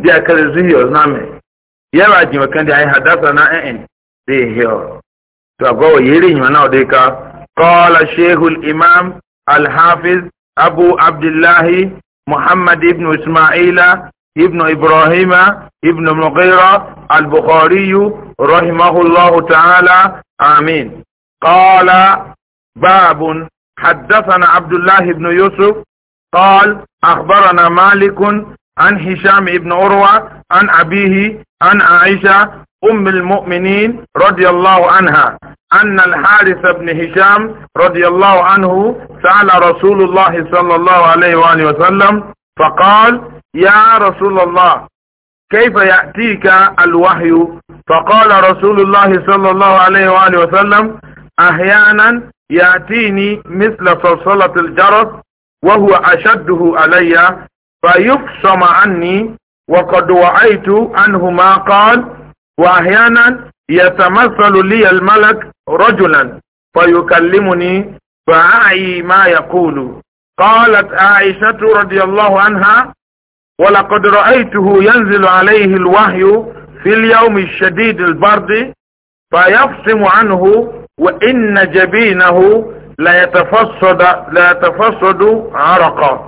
دي أكل زهي أزنامي يرى جيما كان دي هاي حدثنا إن دي هيو تقول يري جيما ديكا قال شيخ الإمام الحافظ أبو عبد الله محمد بن إسماعيل ابن إبراهيم ابن مغيرة البخاري رحمه الله تعالى آمين قال باب حدثنا عبد الله بن يوسف قال أخبرنا مالك عن هشام ابن عروة عن أبيه عن عائشة أم المؤمنين رضي الله عنها أن الحارث بن هشام رضي الله عنه سأل رسول الله صلى الله عليه وآله وسلم فقال يا رسول الله كيف يأتيك الوحي فقال رسول الله صلى الله عليه وآله وسلم أحيانا يأتيني مثل صلصلة الجرس وهو أشده علي فيقسم عني وقد وعيت عنه ما قال وأحيانا يتمثل لي الملك رجلا فيكلمني فأعي ما يقول قالت عائشة رضي الله عنها ولقد رأيته ينزل عليه الوحي في اليوم الشديد البرد فيقسم عنه وإن جبينه لا يتفسد لا يتفسد عرقا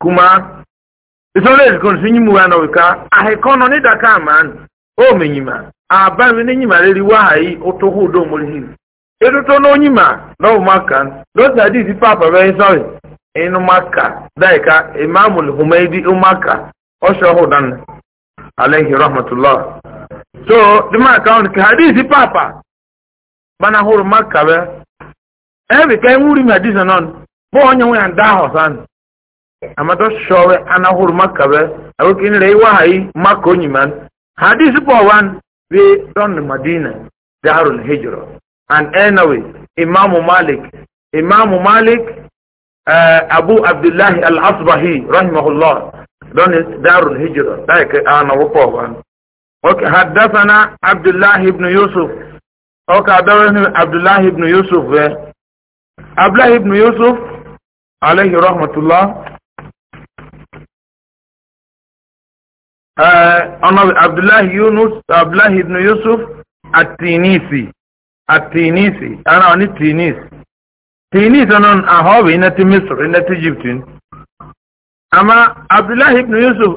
kuma isonesi kun sun yi muwa na wika a haikono ni da ka man o me nyima a ba mi ni nyima le riwa hayi o to hu do mulhin edo to no nyima no maka do ta di di papa be sorry inu maka dai ka imamul humaydi umaka o shohu dan alayhi rahmatullah so di maka on ka hadisi papa bana huru maka be e bi ka nwuri ma di sanon bo onye nda anda hosan amato showe ana hurma kabe awo kin rei wahai mako nyiman hadis wan we don madina darul hijra and anyway imam malik imam malik uh, abu abdullah al asbahi rahimahullah don darul hijra taik ana wopo wan ok hadathana abdullah ibn yusuf ok hadathana abdullah ibn yusuf abdullah ibn yusuf alayhi rahmatullah Eh, ọ̀nà abdullahi yunus abdullahi ibn yusuf atinisi atinisi ara wọn ni tinis tinis ọ̀nà ahọ́ọ̀bì iná ti misr iná ti egypt ama abdullahi ibn yusuf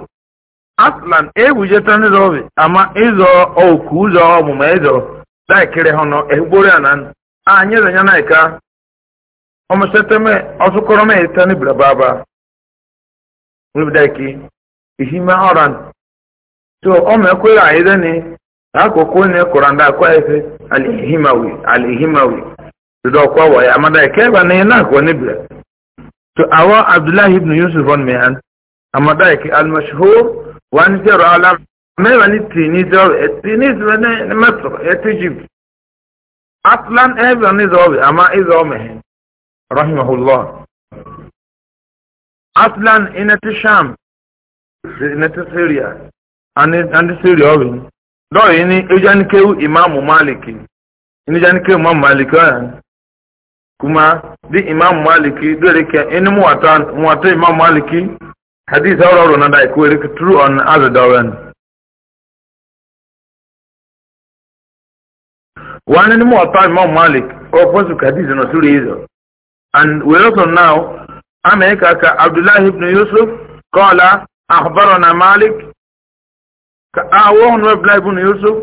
aslan ewuje tani zọọbi ama ịzọ oku ụzọ ọmụma ịzọ daikiri hụ nọ egbori anan a nyere ya na ịka ọmụseteme ọsụkọrọ mee tani brababa nwebdaiki ihime ọran so ọmọ ẹkọ yà ayé dẹni akoko ní kuranda akọ alihimawi alihimawi dodo ọkọ wọ ya amada ẹkẹ ẹba ní iná akọ awọ abdullahi ibn yusuf ọ̀n mẹ́hán amada ẹkẹ alimashihur wà ní ala mẹ́wàá ní tì ní zọ́ọ̀bì ẹtì ní zọ́ọ̀bì ní mẹ́tọ̀ ẹtì jìbì rahimahullah atlan sham syria. ani and siri ọrụ dọrọ ni ejanike imamu maliki ejanike imamu maliki ọya kuma di imamu maliki dore ke eni muwata muwata imamu maliki hadith ọrụ ọrụ na da rike tru on azụ dọrọ wani ni muwata imamu malik ọkwasu hadith na siri izo and we also now america ka abdullahi ibn yusuf kọla na malik. ka awo hono abdullahi ibn yusuf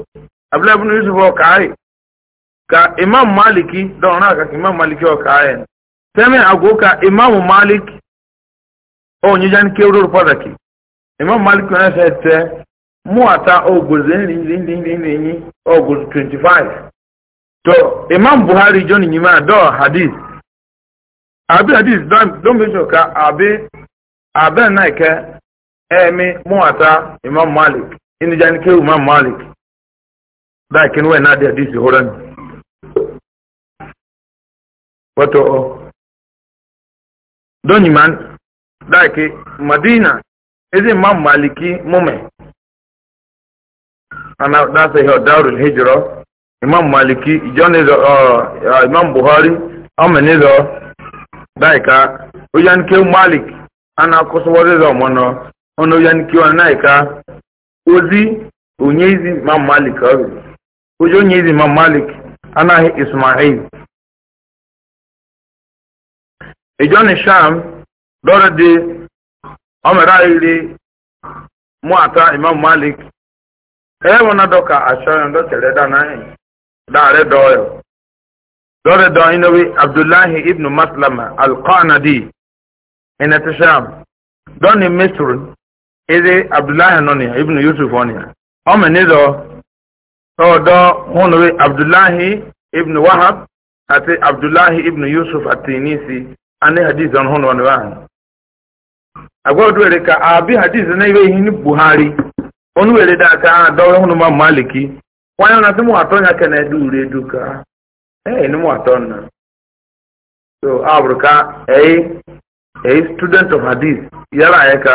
abdullahi ibn yusuf o ka imam maliki don na ka imam maliki o kai teme agoka imam malik o nyi padaki. ke ro imam maliki na se te mu ata o goze ni ni ni ni 25 to imam buhari joni nyima do hadith abi hadith don don be sure ka abi abe na ke emi mu ata imam malik inda jani ke umar malik da kin wai na da hadisi horan wato oh. doni man like madina is ezi ma maliki and mume ana da sai ha darul hijra imam maliki ijone zo oh, uh, imam buhari amene zo da ka uyan ke malik ana kusa wore zo mono ono yan ki wa na ka ozi onyezi Imam Malik ọrụ ozi onyezi Imam Malik anaghị Ismail ejoni sham dọrọ dị ọmere ahịrị mụata Imam Malik ewe na dọka ashọrọ dọkere danaghị dare dọyọ dọrọ dọ inowe Abdullahi ibnu Maslama al-Qanadi inetisham dọni Misri ịdị abdullahi nọ n'ihe ibnu yusuf ọ n'ihe ọ mee n'ịzọ ọdọ hụnụrụ abdullahi ibnu wahab àti abdullahi ibnu yusuf àti nisi anị hadiz ọnụ hụnụ ọnụ ahụ agwọdụ were ka abi hadiz na iwe ihe ni buhari onu were da aka a dọrọ hụnụ ma maliki nwanyị na sị mụ atọ ya kene du ure du ka ee ni mụ atọ na so abụrụ ka ee ee student of hadiz yara anyị ka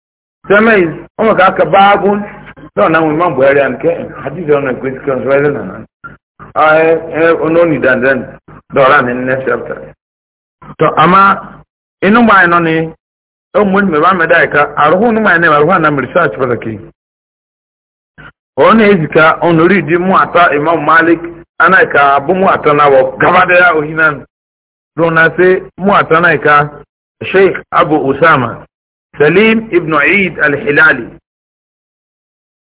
sẹ́mẹ̀yì ọmọ ka aka baa náà na wọn máa ń buhari nke kẹ́ àdìsẹ́ ọ̀nà ìpè tí kàn sọ́yẹ́lẹ̀ nàná ẹ ẹ onóni dandan dọ̀ọ́rà ní next chapter. tọ́ ama inú báyìí náà ni ó mú mi bá mi dá ìka àrùkù inú báyìí research imam malik ana abụ mụ mú na náà wọ gabadaya òhìn na lóun náà sheikh abu usama. سليم ابن عيد الحلالي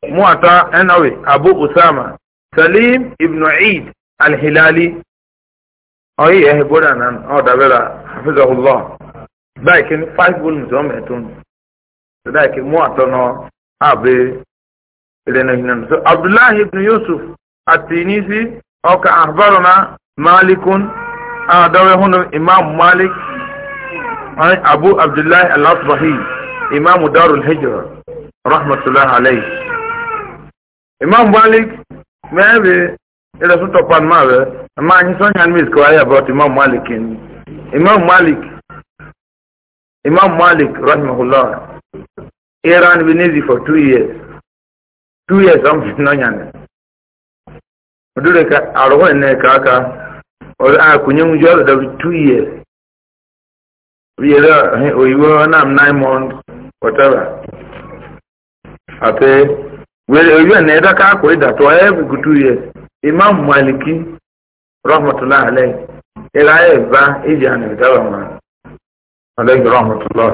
معطى أنوي أبو أسامة سليم ابن عيد الهلالي أي إيه بورانا أو دابلا حفظه الله لكن فايف بول مزومتون لكن معطى نو أبي عبد الله بن يوسف التينيسي أو كأخبرنا مالك أدوي آه، هنا إمام مالك أبو عبد الله الأصبهي imamu darul hijra rahmatulah alayhi imam malik mẹ́rin ilẹ̀ e tó tọpan máa rẹ̀ máa ń sọ yan miss about imam malik ni malik imam malik rahmatulah iran for two years two years ọmọ fìtínà yan ọdúnrún ka àrùkọ ẹ̀ náà kàákà ọdún àkùnyẹ́ ń jọ́ ọ̀dọ̀ two years òyìnbó nam nine months. whatever ate wele oyu na da ka ko ida to every good year imam maliki rahmatullah alayhi ila eba iji ana da ba ma alayhi rahmatullah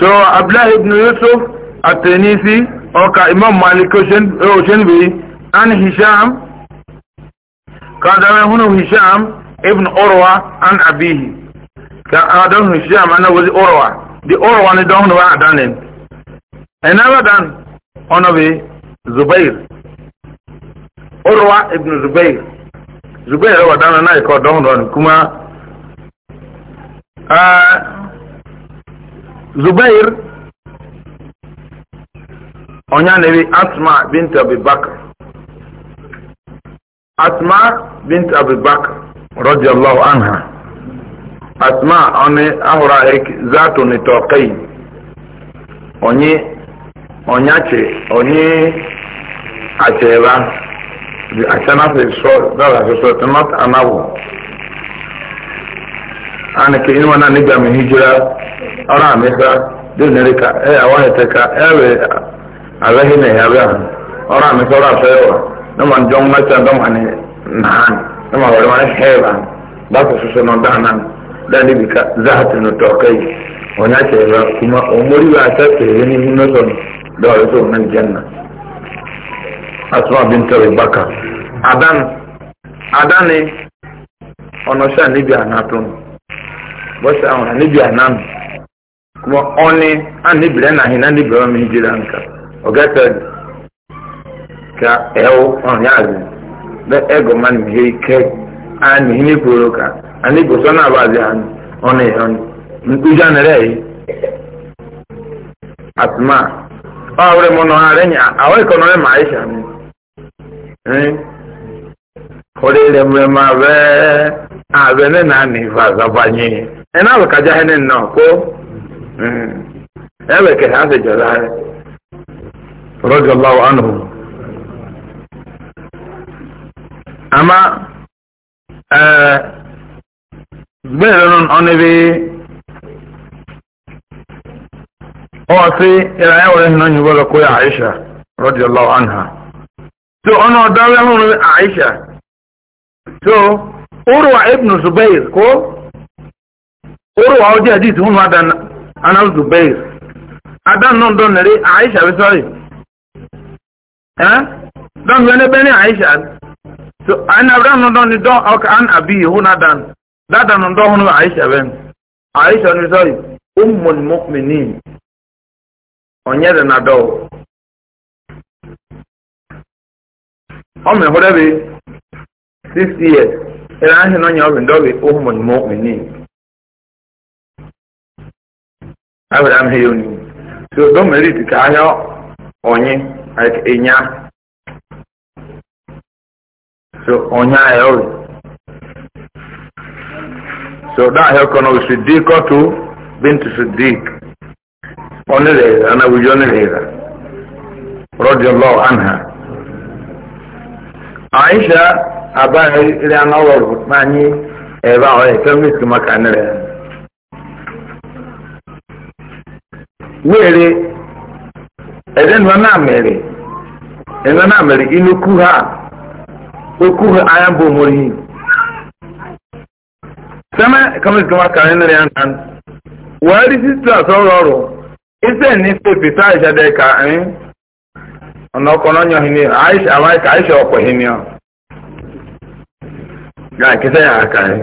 so abdullah ibn yusuf at-tanisi ọka imam maliki ocean e ocean bi an hisham kada hunu hisham ibn urwa an abihi ka adam hisham ana wazi urwa the old one don't done it. of Zubair. Urwa ibn Zubair. Zubair was done and I called down on uh, Asma bint Abi Bakr. Asma bint Abi Bakr anha. asma ọnị ahụrụ ahịk zato n'itọkai onye onyachi onye achịla the achanafe sọ dara asụsụ to not anawo ana ke inwa na nigba mi hijira ọrụ amịsa dị nere ka e awa ete ka ewe agaghị na ya bịa ọrụ amịsa ọrụ asọ ewa nama njọ mmacha ndọma na ha nama were ma heba dasa asụsụ nọ daa na dani bika zahatu no tokai ona cewa kuma umuri ba ta tsere ni mun son da wato nan janna asma bint rebaka adan adani ona sha ni bi anatun bo sha ona ni bi anan kuma oni an ni bi na hina ni bi mi jira nka ogata ka ewu on ya da ego man mi ke an ni ni ka. ani gosa na abazi ani ọna ihe ọna nkuzi anere eyi asma ọ awere mụ nọ ara enyi awọ ikọ nọ ma aisha ni kọrọ ire mre ma abụọ ne na ana ife azabanye ena abe kaja hene nna ọkụ ebe ke ha ama bẹ́ẹ̀ ọ ọ̀nà bí ọwọ́ sí ìrà ẹ̀wọ̀ rẹ̀ náà yìnbọn lọ́kọ́ yà àìṣà rọ́dì ọlọ́wọ́ àǹhà tó ọ̀nà ọ̀dáwẹ́ ọ̀hún rẹ̀ àìṣà tó orúwà ibn zubair kó orúwà ọjọ́ ẹ̀dí tí wọ́n máa dán aná zubair adán náà dán nẹ̀rẹ̀ àìṣà bí sọ́rí ẹ́ dán bẹ́ẹ̀ ní bẹ́ẹ̀ ní àìṣà tó na abúlé náà dán ní dán ọkà án àbí yìí hún adán. dada na ndo hono aisha ben aisha ni sai ummul mu'minin onyere na do o me hore be 6 years era ahe no nyawo ndo be ummul mu'minin abraham he yoni so do merit ka anya onye like enya so onya ayo so da ahịa ọkọ na siddiq bintu siddiq onirera na wujo onirera rọdịọlọ anha aisha abaghị iri anọ n'anyị ebe ahụ eke misk maka nire were edenwa na mere enwe mere inukwu ha okwu omori sẹ́mẹ́ kọ́mẹ́sì kan wá kàrin lórí àná wọ́n rí sísítà sọ̀rọ̀ ọ̀rọ̀ iṣẹ́ ní fèfè aisha ìṣẹ̀dẹ̀ ka ń ọ̀nà ọkọ̀ náà yàn ní àwọn ẹ̀ka àìṣe ọ̀pọ̀ yìí ni ọ̀ gà kẹsẹ̀ ya kà ń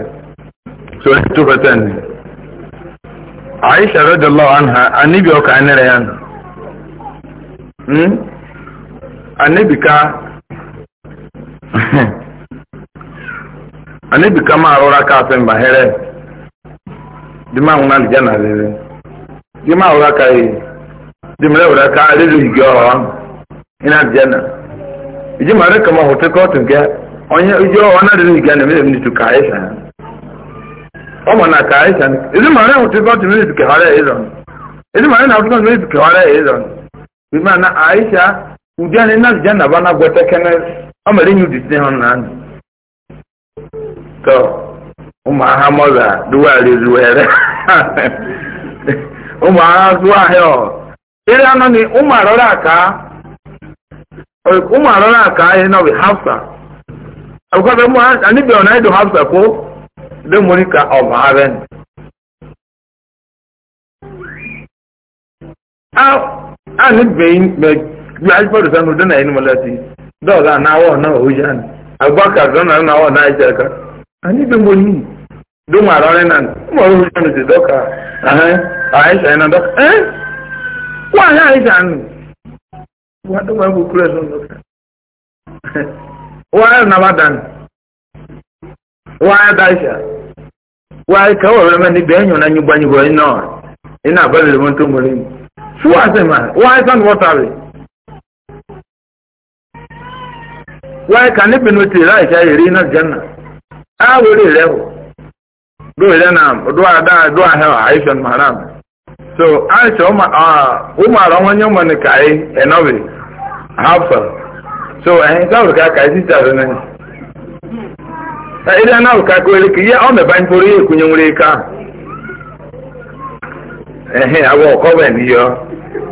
so ẹ̀ tó fẹ́ tẹ̀lé àìṣe rẹ̀ dọ̀lọ́ àná àníbi anabi kama arụra kafe mbahere dima nwụna lija na rere dima arụra ka yi e. ka arịrị e igi ọhụrụ ina lija na iji mara kama hote kọtụ nke onye iji ọhụrụ na rere igi na mere mnitu ka e na ka aisha ni iji hote ya ịzọ na hote kọtụ mere na aisha ụdị anyị na lija na ba na gwete kene ọ mere inyu dị tinye so ụmụ agha mọza duwarịrị were ụmụ agha zụọ ahịa ọ ịrị anọ ụmụ arọrọ aka ụmụ arọrọ aka ahịa hafsa akwụkwọ anyị bịara na ịdụ hafsa kwụ dị ka ọ bụ anyị be mbonyi do mara ọrịa na ụmụ ọrụ e e? ya nụzi e dọka ahụ aisha ya na dọka ee kwa ahịa nụ wa do bụ dọka wa na wadan wa ya daisha wa ya ka wọrọ mẹ níbi na nyugba nyugba ẹni náà ẹni àbẹ̀rẹ̀ lẹ́mọ́ tó mọ̀rẹ́ mi fún àṣẹ mà wa ya sàn wọ́tà rẹ̀ wa ya ka níbi nù tìrẹ àìsà yẹrẹ awere level do ile na do ada do ahia aisha maram so aisha uma uma ro wonyo mo ni so eh ka ka sita ro na ile na ka ko ile ya o me ban pori e kunyo ka eh eh awo ko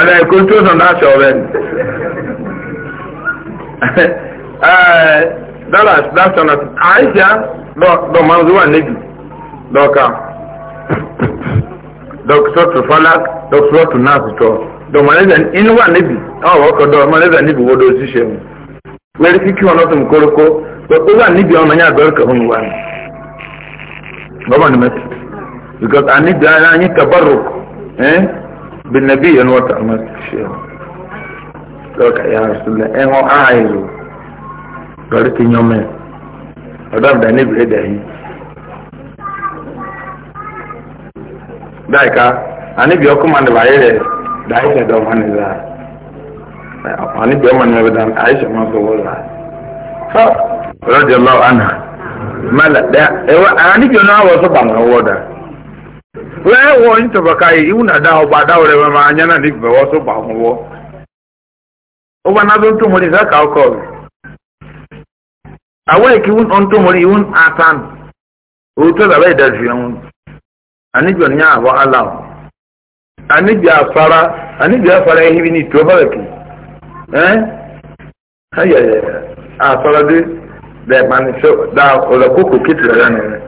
ala ekontro na ase ọrẹ ni dallas dallas aisha dọ manzu wa nebi dọka dọkítọtù falak dọkítọtù nọọsì tọ dọmọlẹsẹ inú wa nebi ọwọ ọkọ dọ ọmọlẹsẹ nebi wọdọ òṣìṣẹ mu wẹrí kíkí wọn lọsùn kórókó ó wà níbi ọmọ yẹn àgbẹrẹ kẹhún wa ni bọbọ ni mẹsì because i need to i need eh bin nabi an wata amashin ɗauka ya rasu da ɗan hau an aizo ga da ne bire da yi daika ani biyo kuma da baye da da aisha da wani za ani biyo man da aisha ma so wala fa radiyallahu anha mala da ewa eh, ani ah, biyo na wasu ban hawo da wee wọ ntọbaka iwu na da ọgba da were ma anya na ndị gbe ọsọ gba nwụwọ ụgba na zo ntomori za ka ọkọ bi awa eki iwu ntomori iwu atan otu da bai da zuye nwụ anigbe onye abụọ ala anigbe afara anigbe afara ihe bi n'ito ọbara ki eh ayẹyẹ afara dị da ẹ̀ma ní sọ da ya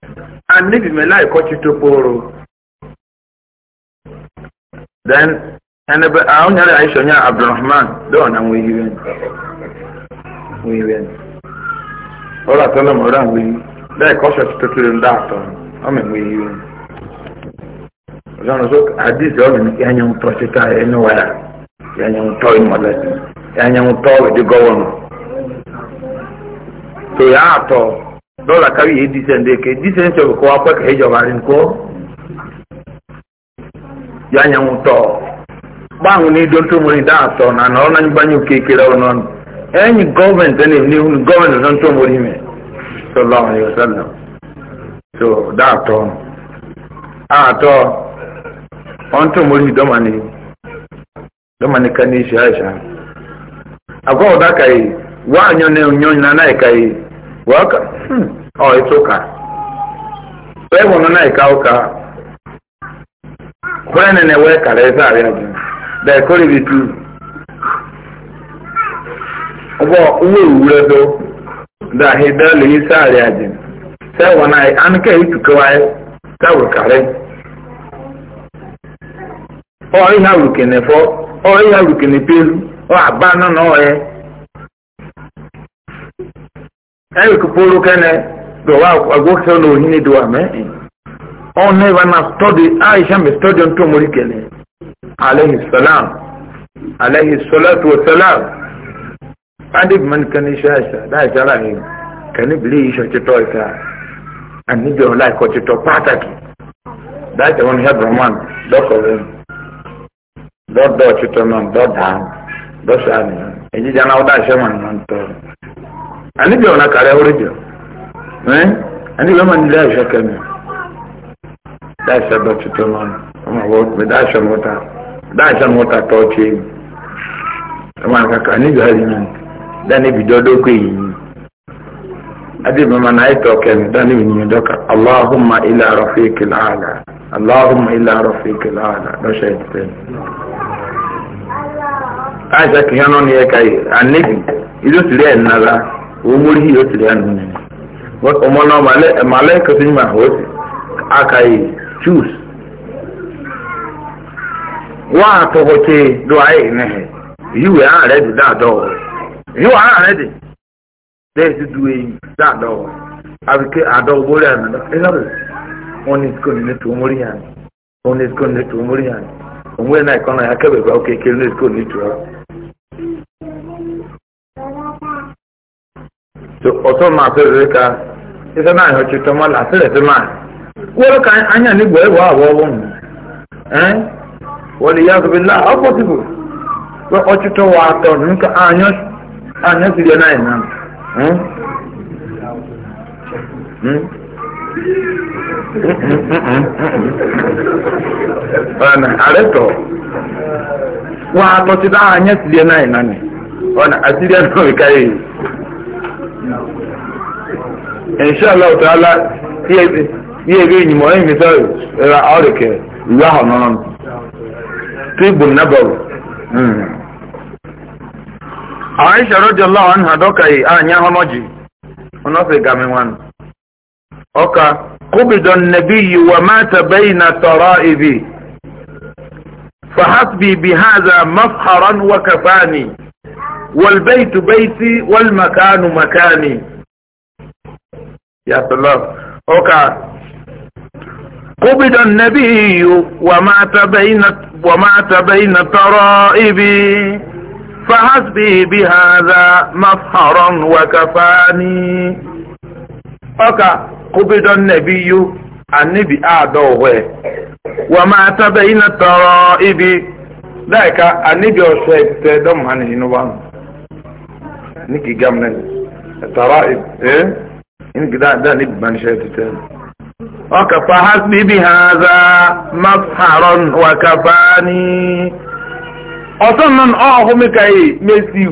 annabi malaika ci to poro then ana ba a wani da aisha nya abdurrahman da wannan wuri ben wuri ben ora tana mo ran wuri da ko sha to to da to amen wuri ben zan zo hadis da wannan yanya mutu ce ta yana wala yanya mutu in wala yanya mutu da gowon to ya to dọ́là kárí yìí dísẹ̀ǹd èké dísẹ̀ǹd sọ̀rọ̀ kó apẹ́ kẹ́ ìjọba rẹ̀ ńkọ́ yà nyà ń tọ̀ báwo ni dọ́tò mu ni dáa tọ̀ nà na náà nyìbá nyìbá kékeré ọ̀nà ẹ̀yìn gọ́ọ̀mẹ̀ntì ẹ̀nà gọọmenti ni so atọ tọ̀ àtọ̀ ọ̀n tó domani ni dọ́mani dọ́mani ká ní ìṣe àìsàn àgọ́ ọ̀dà kàyé wàá nyọ́ na ka ị. wọ́ọ̀kà ọ̀ ìtúkà ẹ̀hùn náà ìka ọ̀ka hwẹ́ẹ̀nì na ẹ̀wẹ́ kàrẹ́ ẹ̀sẹ̀ àrẹ àjẹ́ bẹ́ẹ̀ kọ́ níbi tú ọ̀bọ̀ owó ìwúrẹ́ tó dàhí dẹ́lẹ̀ yìí sẹ́ àrẹ àjẹ́ sẹ́wọ̀n náà ànkẹ́ ìtúkẹ́ wáyé sẹ́wọ̀n ọ ọ̀ ìhà rùkẹ̀nẹ̀fọ́ ọ̀ ìhà ẹ̀rì kòpòrò kẹ́nẹ̀ dọ̀wà agbókẹ́ ọ̀nà òhìn ìdò àmẹ́ ọ̀nà ìbànà stọ́dì àìsàn mi stọ́dì ọ̀ntọ́ mórí kẹ́lẹ̀ aleyhi salam aleyhi salatu wa salam adib man kan iṣẹ́ àṣà láìsí aláàrin kẹ́ni bìlí iṣẹ́ títọ́ ìta àníjọ láìkọ́ títọ́ pàtàkì láìsí wọn ìyá brahman dọ́kọ̀rẹ́ dọ́dọ̀ títọ́ náà dọ́dà dọ́sà ni èyí jẹ́ anáwó dáṣẹ́ wọn náà ń tọrọ. ani bi ọ̀nà kàrẹ́ orí bi ẹ́ eh? ani bi ọmọ ní dáìsẹ́ kẹ́mi dáìsẹ́ bẹ́ẹ̀ tuntun náà ọmọ àwọn ọmọ dáìsẹ́ mọ́ta dáìsẹ́ mọ́ta tọ́ ọ́kye yìí ọmọ àkàkà ani bi ọ̀hìn yìí dáni bi dọ́dọ́ kọ́ èyí yìí adi mama na ayi tọ́ kẹ́mi dáni bi yìí dọ́ka aláhùnmá ilà rọ̀fì kìlà àlà aláhùnmá ilà rọ̀fì kìlà àlà lọ́sẹ̀ ìdílé dáìsẹ́ kìhánà ni ẹ ka anibi ìlú tìlẹ̀ ẹ̀ omori yìí ó ti ma le ma le náà ma kẹsì ní màá wọ́sì àkàyè jùs wọ́n àtọ̀kọ̀tẹ̀ do ayé nìhẹ̀ yíwèé ààrẹ dì dáadọ́ yíwèé ààrẹ dì bẹ́ẹ̀ ti du èyí dáadọ́ àbíké àdọ́ borí àná ẹ̀rọ wọn ní sikọ́ nílé tó to yàn wọn ní sikọ́ nílé tó mórí yàn òun wẹ́n na ìkànnà yà kẹ́bẹ̀ẹ́ bá ó kékeré ní sikọ́ nílé tó to ọtọ ma fẹ fẹ ka ṣiṣẹ náà yọ tuntun mọ làtìrẹ ka anya nígbà ẹ̀ wọ́ àwọ̀ ọ̀wọ́ nù ẹ́n wọ́n yàtọ̀ bí là ọ̀pọ̀ tìbò pé ọtútọ̀ wà tọ̀ nǹkan àyàn àyàn ti náà yẹn àrẹ wà ti dá ti náà yẹn àti náà yẹn inshallah ta'ala yíyẹ bí ìyìnbọn ẹ̀yìn mi sọ̀rọ̀ ẹ̀rọ ọ̀rẹ̀kẹ̀ ìlú àhọ̀ nọ́nà tíìbù nàbọ̀rù. aisha rọ́jò láwọn ń hàdọ́kà yìí ànyá ọmọjì ọ̀nọ́fẹ̀ gàmí wọn. ọkà kúbìdọ̀ nàbí yìí wà má tàbẹ́yìn nà tọ̀rọ̀ bi فحسبي بهذا مفخرا وكفاني والبيت بيتي والمكان مكاني يا سلام اوكا قبض النبي ومات بين ومات بين الترائب فحسبي بهذا مفخرا وكفاني اوكا قبض النبي النبي ادوه ومات بين الترائب ذلك النبي وشيخ تدم عن هنوان niki gamnan tara'ib eh in gida da ni ban shaiti ta aka fa hasbi bi hadha mazharan wa kafani ọsán nan ọ ọhụ mika yi mesi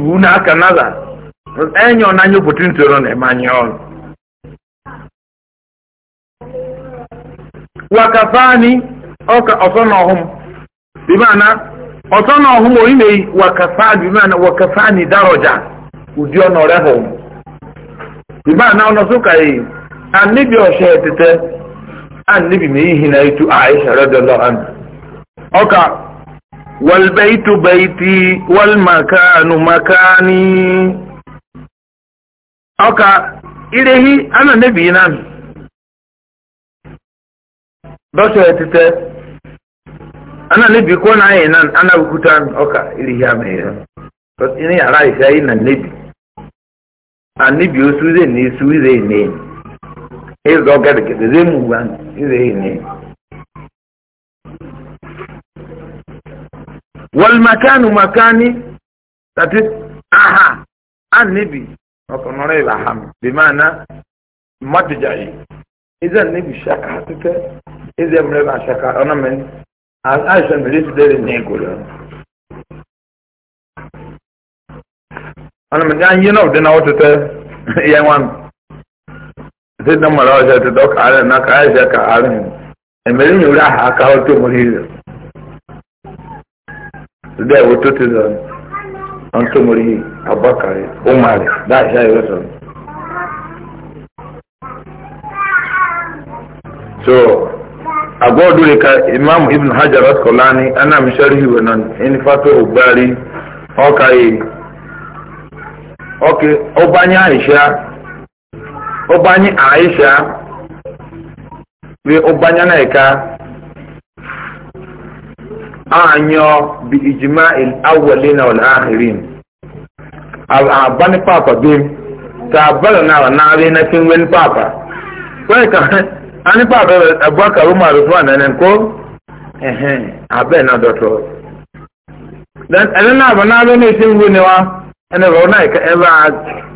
na wakafani ọka ọsán bimana ụdị ọnụ ọrịa hụ ibe a na-ọnọ sụka yi anibi ọsha etete anibi ma ihi na itu aisha radọlọ anụ ọka walbaitu baiti walmakanu makani ọka irehi ana nebi na dọsha etete ana nebi ko na ayi nan ana bukuta ọka irehi ama ihe ina yara aisha yi na nebi anibi osu ze ne isu ze ịzọ ze mu aha anibi ha bi ana mi jan yi na ɔdi na ɔtete yɛn wan ɛsɛ dɛm mara ɔhyɛ tete ɔka ara na ka ayɛhyɛ ka ara hɛn ɛmɛri nyɛ wura aha ka ɔtɔ mu ri yɛ dɛ wotu ti zɔn ɔtɔ mu ri abakari umari dɛ ahyɛ yɛ wosɔn so agbɔdu de ka imam ibn hajar ɔskolani ɛna mi sɛrihi wɛ nɔn ɛnifa to obari ɔka yi. ok ụbanye aisha ụbanye aisha we ọbanye naika anyo bi ijima il awwalina wal akhirin abani papa bim ta bala na na re na kin wen papa wai ka ani papa abaka umar ruwa na nan ko eh eh abe na dotro dan ana na bana ne tin ene rona ka eva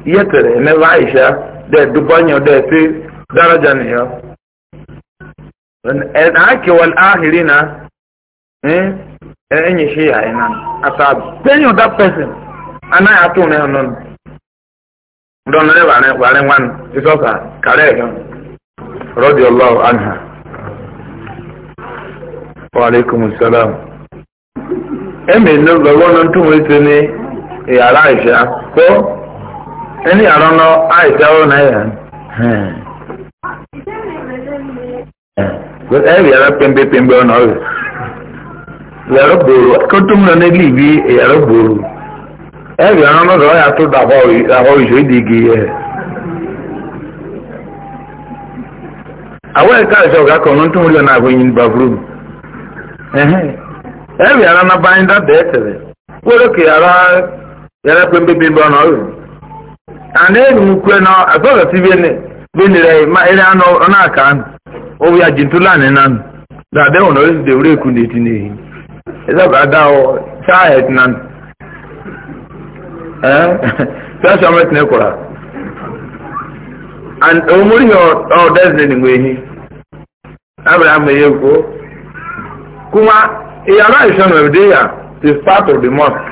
yetere ne vaisha de dubanyo de fi daraja ne yo en ake wal ahirina eh e, enye shi ya ina ata benyo that person ana atu ne non don ne ba ne ba wan isoka kare yo radiyallahu anha wa alaikumus salam emi no gbo non tun we ni yàrá àìsà kó ẹni yàrá ọ̀nà àìsà ọ̀rọ̀ náà yà ẹ yàrá pẹ́ńpẹ́ńpẹ́ ọ̀nà ọ̀rọ̀ yàrá bòrò kótó múlò ní ilé ìbí yàrá bòrò ẹ yàrá ọ̀nà ọ̀rọ̀ yà tó dàbọ̀ ìṣó ìdígi yẹ. àwọn ẹ̀ka àìsà ọ̀gá kan ló ń tún múlò náà àgbẹ̀yìn bàbúrò ẹ yàrá náà bá ń dá bẹ́ẹ̀ tẹ̀lé wọ́n lókè yàrá. yẹrẹ pé bébè bọ ọ̀nà ọ̀rọ̀ àná ènìyàn kúrẹ́ náà ẹ̀fọ́fẹ́ sí bíẹ́ bíẹ́ rẹ̀ má eré àná ọ̀nà àká nù owó ya jìntú lánàá náà nù dàdé ọ̀nà orí ti dèwúrẹ́ èkú nìyí ti nìyí ẹ̀sọ́fẹ́ adá ọ ṣáà and tìǹà nù ẹ̀ ṣáṣọ ehi. ẹ̀tìǹà kọ̀ra òmùrí ọ̀dẹ́sìn nìwé yìí abẹ́rẹ́ àmọ̀ ẹ̀yẹ kó kúmá ìyàrá ìṣọ̀nà ya is part of the mosque.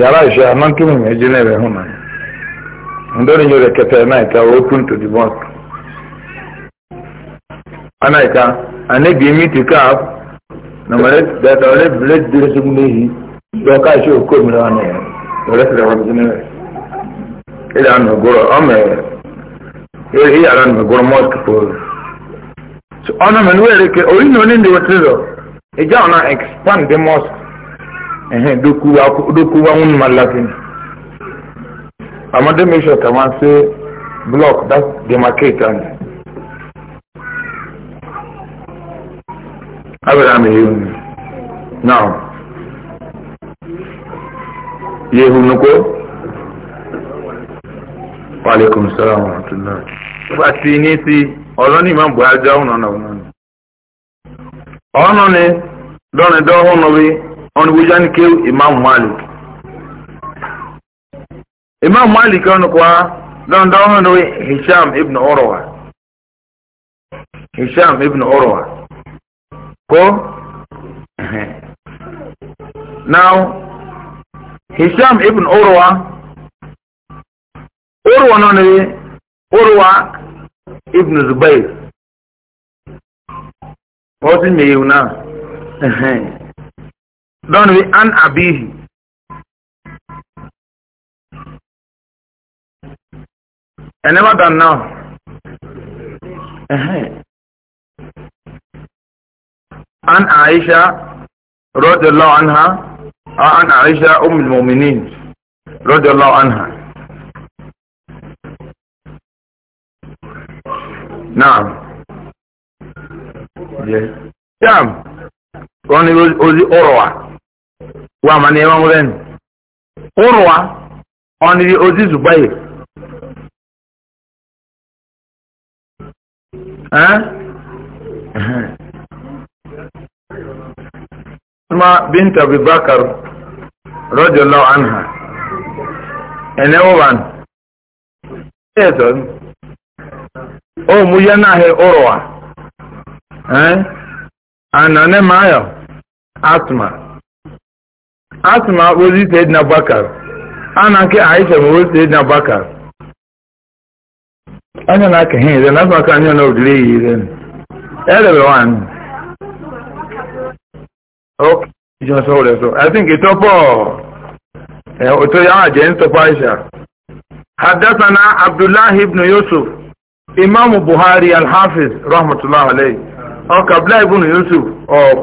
yàrá ìṣe amákìmù méjì náà rẹ̀ hùn náà ndóni yóò rẹ̀ kẹta náà open to the mosque ana ìka anẹ́gbẹ̀ẹ́ mi ti ká nàmọ́lẹ́ dàtà ọ̀lẹ́ bìlẹ́ dìrẹ́ sí múlẹ̀ yìí lọ́ọ́ ká ìṣe òkú mi náà nìyẹn lọ́ọ́ sẹ̀rẹ̀ wọn jìnnà rẹ̀ ilẹ̀ àná ògùrọ̀ ọmọ ẹ̀ àná mosque ọ̀nà orí ni expand the mosque. ehe dokuba ŋun ma latin amadu mi kama se block that demarcate abraham yehun now yehun wa ti buhari ni on wujan kew imam malik imam malik on kwa don don no hisham ibn urwa hisham ibn urwa ko now hisham ibn urwa urwa no ne urwa ibn zubair What's in na don we an abihi I never done now. Uh -huh. An Aisha radiallahu anha or an Aisha Umm al-Mu'minin radiallahu anha. Now, yes. Yeah. Kọ́ni ozi ọrọ̀ wa. wa ma na ewa ngwen urwa oniri ozizu baye eh ma bint anha ene ezo asma ozi na bakar ana nke aisha ma ozi na bakar anya na aka hin na asma anya na odire yi e ren elebe wan ok ijọ sọ rẹ sọ i think e, aisha حدثنا عبد الله بن Yusuf. Imam Buhari الحافظ رحمة الله عليه أو قبل ابن يوسف أو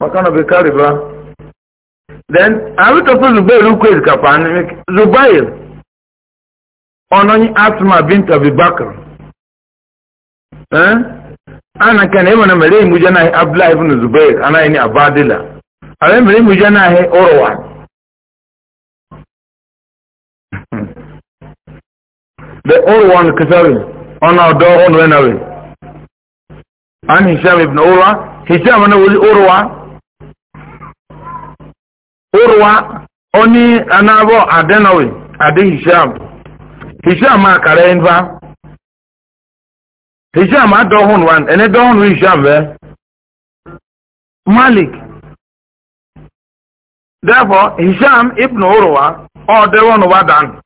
makana bai kare ba then abi tafi zubair ukwai kafa ne zubair onon asma bint abi bakr eh ana kan yi mana mere mu na hi abdullah ibn zubair ana ni abadila ale mere mu na hi urwa the urwa kasari ona do ono enawe an hisham ibn urwa hisham ana wuli urwa urwa oni anabo adenawe ade hisham hisham akara enva hisham adohun wan ene dohun hisham be malik therefore hisham ibn urwa ode won wadan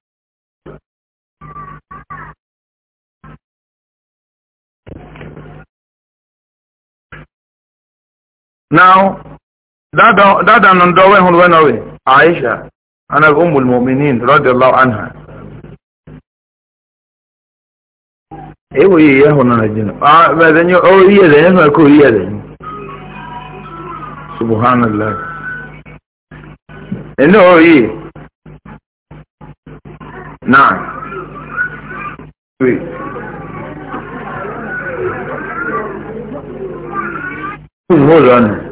now dada nan dawe hun wena we aisha ana ummul mu'minin radiyallahu anha ewo yi ya hun na jin a ba zan yi o yi da yan ko yi da subhanallah ene o yi na we mo lo na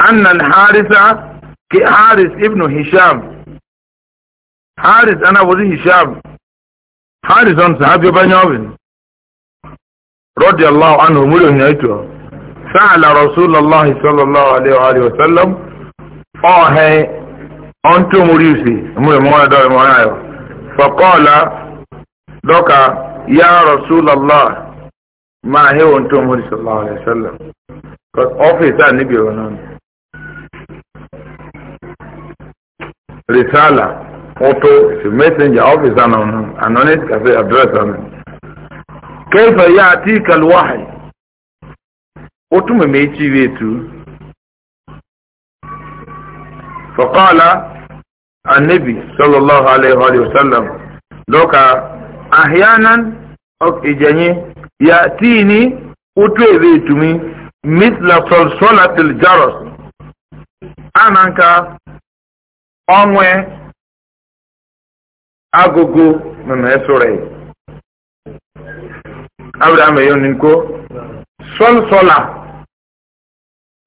أن الحارث حارث ابن هشام حارث أنا وزي هشام حارث انا صحابي بن يوبن رضي الله عنه ملوه نيته سأل رسول الله صلى الله عليه وآله وسلم آه أنتم مريسي أمور موانا دائم موانا فقال دوكا يا رسول الله máa hí ohun tó mú sallallahu alaihi wasallam sallam office àníbi nibi náà ni. risala ọtọ mẹsẹnjà ọ́fíìsì ànọ́nù ànọ́nì kàfé àdírẹ́sì ànọ́nù. kẹfà yá àti ìkàlùwàhì ó tún mẹ̀mẹ́ etí ìwé sallallahu alaihi wa sallam ok yatini otu ebe etumi mitla solsolatil jaros ananka onwe agogo nana esore abda ameyo ninko solsola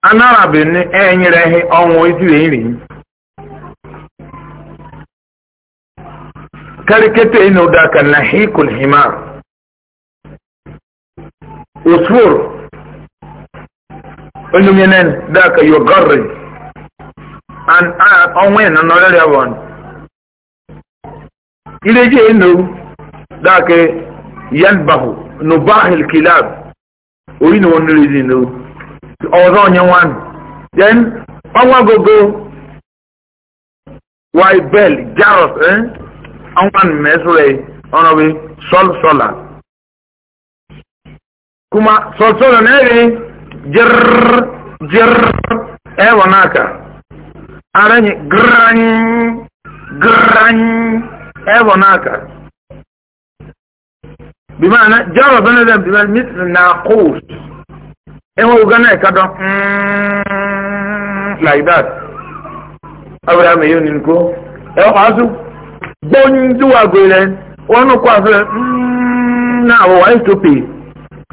anarabi ni enyere ihe ọnwụ isi iri karikete inu daka na hikul himar usfur onye nyenen daka yogorri and onwe na nọrịrị abụọ ileji enu daka yanbahu nubahil kilab oyi na wọn niri zinu ọzọ onye nwan then ọnwa gogo wai bel jaros eh ọnwa mesure ọnọbi sol solar kuma sọsọrọ na-ere jirr jirr ewa n'aka aranye grany grany ewa n'aka bimana jaro benedem bimana mitri na kous enwe uga na ekado mm-hmm, like that abụrụ ama ihe ninko ewa azụ gbonyi nzuwa gwere ọnụ kwa afere mm-hmm, na-awụwa stupid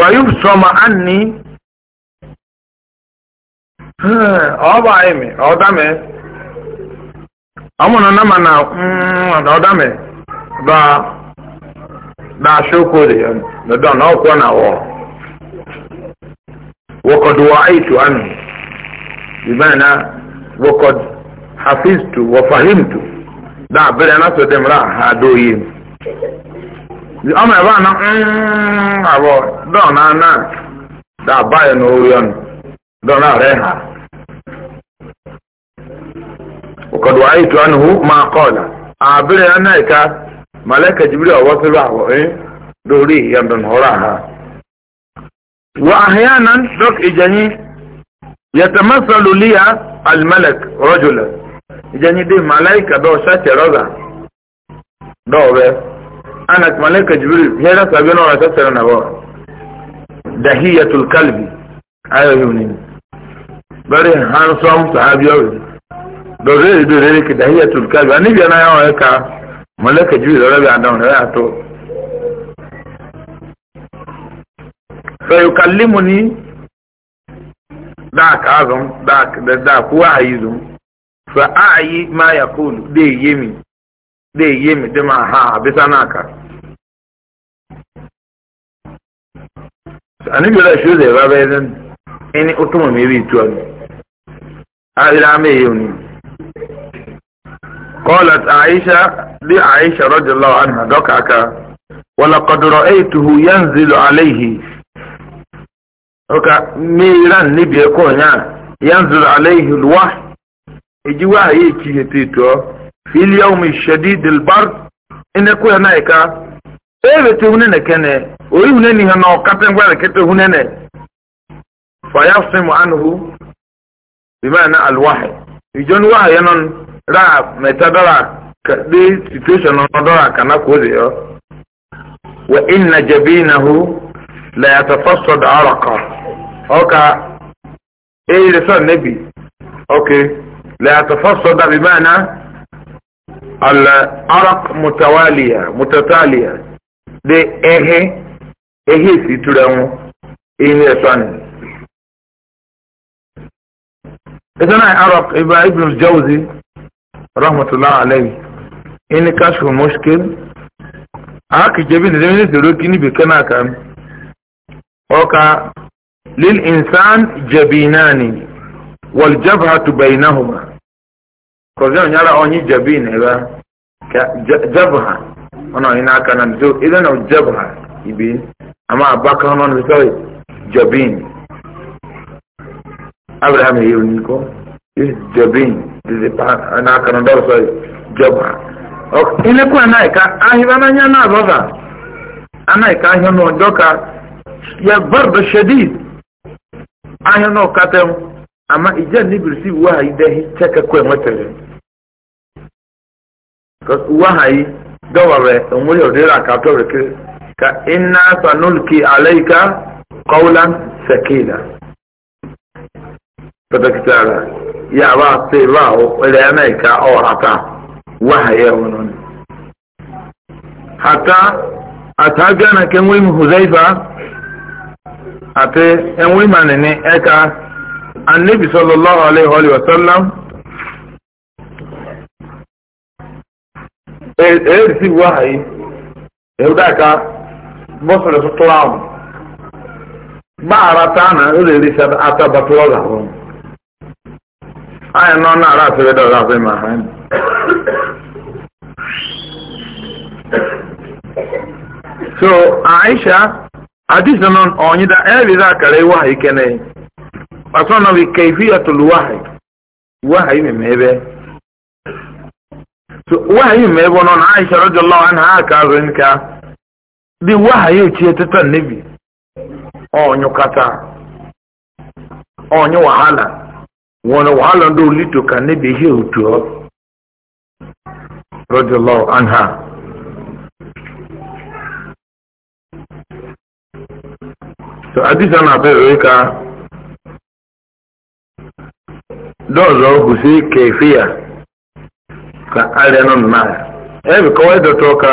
fayubsọma anni ọba emi ọdame ọmụ na nama na mm, ọdame da da shoko da yan da don ọkwọ na wọ wakọdụ wa aitu annu bimana wakọdụ hafiztu wa fahimtu da abịrị na sọdemra ha doyi ọmọ ẹ̀bá na àbọ̀ mm, dọ́ọ̀ náà na dà báyọ̀ ní orí ọ̀nà dọ́ọ̀ náà rẹ̀ hà. Òkàdùwà ayé tó ẹnu hù máa kọ́ọ̀là. Àbílẹ̀ yẹn náà ìka màlẹ́kà jìbìrì ọ̀wọ́ sí bá àwọ̀ e, ẹ́ lórí ìyàndọ̀nà ọ̀rọ̀ àhà. Wà àhìyá náà dọ́k ìjẹyìn yẹtẹmẹsàlù líya alimẹlẹk rọ́jùlẹ̀. Ìjẹyìn dé màlẹ́kà dọ́ọ̀ ṣàtẹ̀rọ̀gà dọ́ọ̀ bẹ́ẹ̀. anas malaika jibril hera sabiyo na wanasasara na wao dahiyatul kalbi ayo hiyo nini bari handsome sahabiyo wewe dozeri dozeri ki dahiyatul kalbi anivyo na yao weka malaika jibril rabi adamu na yato fayukallimuni dak azum dak da dak wahayizum fa a'yi ma yaqulu de yemi de yemi de ma ha bisana anibiola ṣe lè bá bẹ́ẹ̀ lẹ́nu ẹni ó túmọ̀ mi rí ìtú ọ ni àríra mẹ́yẹ òní. قالت عائشة لعائشة رضي الله عنها دكعك ولقد رأيته ينزل عليه وكا ميران نبي يكون ينزل عليه الوحي يجي وحي يجي في اليوم الشديد البرد إن يكون هناك إيه بتونين كنه oyi huneni ha na ọkata ngwara kete hunene fayasimu anuhu bimana alwahi ijon wahi yanon ra meta dora di situation na dora kana kozi yo wa inna jabinahu la yatafassad araqa oka eh rasul nabi okay la yatafassad na ala araq mutawaliya mutataliya de ehe ehi esi tụrụ enwu ihu esoni esonai arok ibrahim jauzi rahmatulah alayhi ini kashfu mushkil aka jebi da zai zoro kini bi kana kan oka lil insan jabinani wal jabhatu bainahuma ko zan yara onyi na ba jabha ona ina kana so idan jabha ibi Ama abubakar man misali jobin abraham ya yi ko is jobin is na kanon da sorry job ile kuwa na ika ahiba na nya na zoza ana ika ahiba na ya barba shadid ahiba na katem amma ijan ni birsi wahayi da hi chaka kwe matare ha gawa re onwere odira ka to rekere ka inna sanulki alayka qawlan sakila tadakitara ya ba sai ba o ila mai ka orata wahaya wannan hatta atagana ken wi huzaifa ate en wi manene eka annabi sallallahu alaihi wa sallam eh eh si wahayi yau e, da ka bọ́sọ̀rọ̀ tó tọ́ra ọ̀hún bá ara tánà ó lè rí atabatu ọ̀gá ọ̀hún ayé náà náà ara àfẹ́rẹ́ dọ̀rọ̀ àfẹ́ màá hàn so aisha hadith nan onyi da ebe za kare wahayi kene wasu na bi kaifiyatul wahayi wahayi so wahayi mebe non aisha radiyallahu ka dị waha ya ochie teta nnebi ọnyụkata oh, onye oh, wahala nwere wahala ndị olito ka nnebi ihe otu ọ rọdịlọ anha so adịsa na abịa ka dọzọ hụsi kefe ya ka arịa nọ na ebe kọwa ịdọta ọka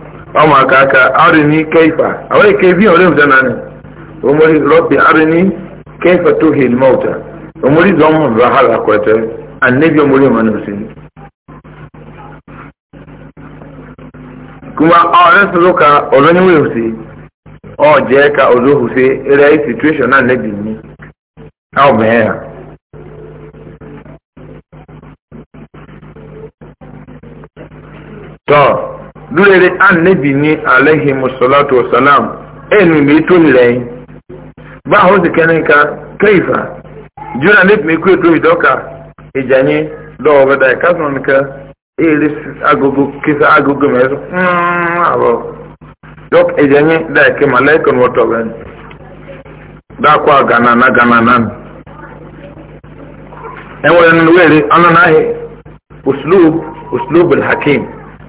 ọmọ aka aka keifa àwọn èké bí ọ̀rẹ́ òjá omori rọ́bì arini keifa tó hìl mọ́ta omori zọmọ rahara kwẹtẹ anabi omori ọmọ náà kuma ọrịa sọ̀rọ̀ ka ọ̀rọ̀nyẹ́wé ọ jee ka e ọ̀dọ́ òsì dúrẹ́rẹ́ ànẹ́bì ní aláìhí mùsùlùmí ọ̀sálàm ẹ̀nu mi tó nílẹ̀ báwo sì kẹ́nìkà kẹ́yìfà jùlọ nípa ikú ètò ìdọ́ka ìjà yẹn lọ́wọ́ bẹ́ẹ̀ dáì kásán nìkan èèlé agogo kíkà agogo mẹ́rin àbọ̀ dọ́k ìjà yẹn dáì kí màláìkọ̀ ní wọ́tọ̀ bẹ́ẹ̀ dákọ̀ àgànàná gànàná ẹ̀wọ̀n ẹ̀nu wẹ̀rẹ̀ ọ̀nà náà yẹ òṣùlù hakim.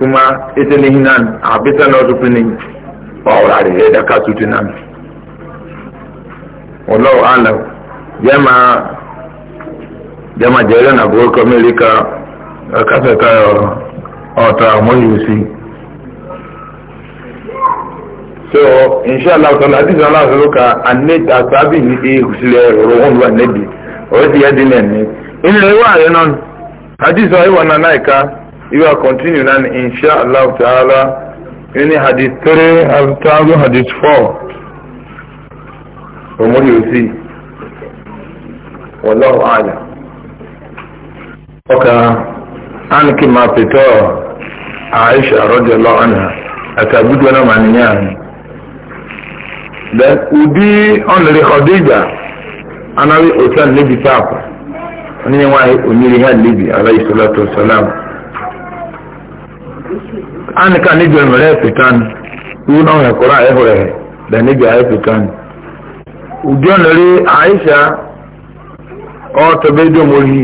kuma ita ne hinan a bisa na wasu finin ba wurare ya daka su tunan wallahu alam jama jama jere na gold america a kasa ta ọta moyusi so inshallah tọ́lá àdìsí aláàfin ló ka anẹ́tì àtàbí ní ìhùsílẹ̀ ọ̀rọ̀ wọn lu anẹ́bí ọ̀rẹ́dì ẹ̀dínlẹ̀ ní ilẹ̀ ìwà àyẹ̀ náà àdìsí ọ̀hìnwá náà náà ìka you are continuing and inshallah ta'ala any hadith 3 al-ta'ala hadith 4 from what you see wallahu a'lam okay anki ma fito aisha radiyallahu anha atabudu na maniyan that ubi on the khadija anawi utan libi papa ni wa oniri ha libi alayhi salatu wassalam an ka ni jɔn wɛrɛ fitan tu na wɛ kɔrɔ a yɛ hɔrɛ da ni jɔ a yɛ fitan u jɔn lori aisha ɔ tobe do mori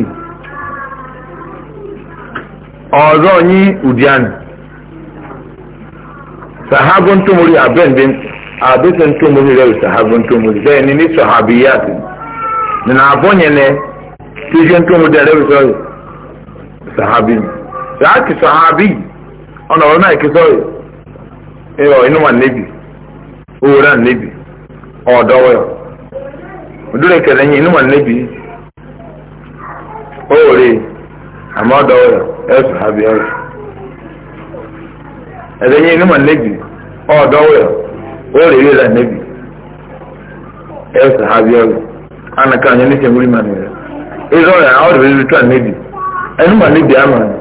ɔzɔ nyi udian sahabon tumori abɛnden abesan tumori rɛ sahabon tumori bɛɛ ni ni sahabiyati nana abɔ nyɛnɛ tijɔn tumori da rɛ bi sɔrɔ sahabi ọ̀nà ọ̀rọ̀ náà kí sọ́ọ̀rì ẹ̀rọ inú wà níbi owó náà níbi ọ̀dọ́wọ̀ ẹ̀ òdúrà kẹlẹ́ yín inú wà níbi owó rè àmọ́ ọ̀dọ́wọ̀ ẹ̀ ẹ̀sùn àbí ẹ̀rọ yín inú wà níbi ọ̀dọ́wọ̀ ẹ̀ owó rè rè níbi ẹ̀sùn àbí ẹ̀rọ ànàkà ọ̀nyẹ́ ní sẹ́wúrì màmí rẹ̀ ẹ̀rọ ẹ̀ àwọn ọ̀dọ́ rẹ̀ rẹ̀ tó à níbi ẹ̀nú wà níbi àmà rẹ̀.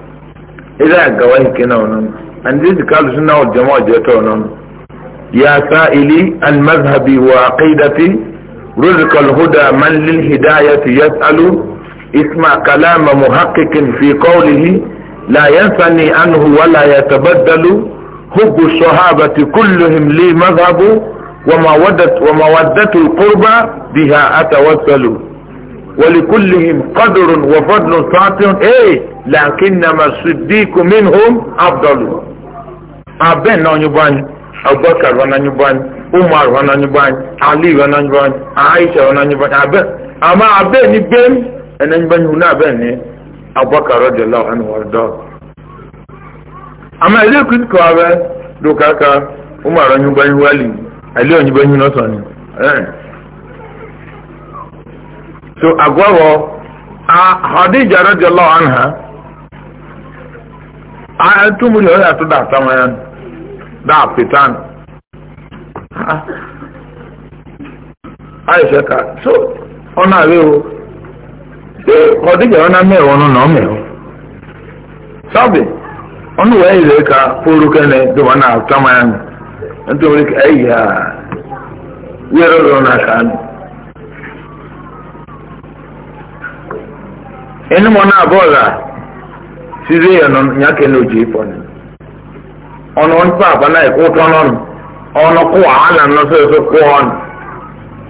إذا قواه كنا ونن أنجز قال سنة والجماعة جاتونن يا سائلي المذهب وعقيدتي رزق الهدى من للهداية يسأل اسمع كلام محقق في قوله لا ينثني عنه ولا يتبدل حب الصحابة كلهم لي مذهب ومودة, ومودة القربى بها أتوسل ولكلهم قدر وفضل ساعة ايه لكنما الصديق منهم افضل abin na nyuban abubakar wana nyuban umar wana nyuban ali wana nyuban aisha wana nyuban abin amma abin ni bem ena nyuban huna abin ne abubakar radiyallahu anhu warda amma ile kun ko abin do kaka umar nyuban wali ali nyuban huna sani eh to agwawo a hadija radiyallahu anha a ya to da da ka so ona re o se hadija ona me wonu na me o sabe onu ile ka poru kene do na yero na kan enu na bọọla sizi ya na oji ifọ ni ọnụ npa ụtọ n'ọnụ ala n'ọsọ ọnụ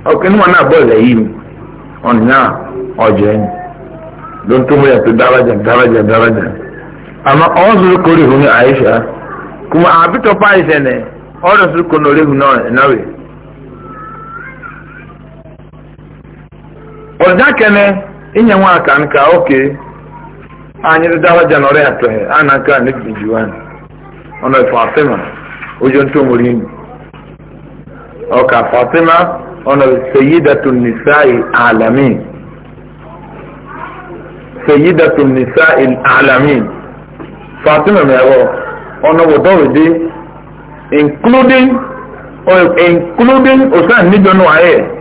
ọkụ enu na bọọla yi mi ọnụ enyi don tumu ya tu daraja daraja daraja ama ọzọ kori hu ni aisha kuma ne na inye nwa aka nka oke anyị dịdawa janọrị atọ a na nka n'ebi juwan ọnụ efu afema ojo ntụ nwere inu ọka fatima na seyidatu nisai alamin seyidatu nisai alamin fatima mẹwọ ọnụ wọdọwụ dị including including osan nijọ nụ ayẹ.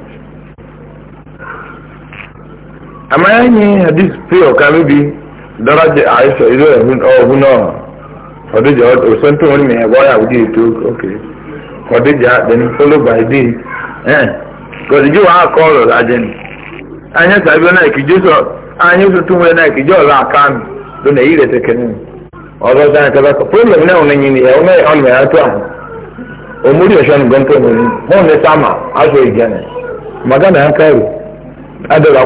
amma yanyi hadis fiye ka bibi daraja aisha ido ya huna khadija o san to wani mai goya wuji to okay khadija then followed by this eh ko ji wa ko ro ajen anya anya so na ki jo la kan ire ka na on me o muri o shan ni mo ne sama igene magana an adara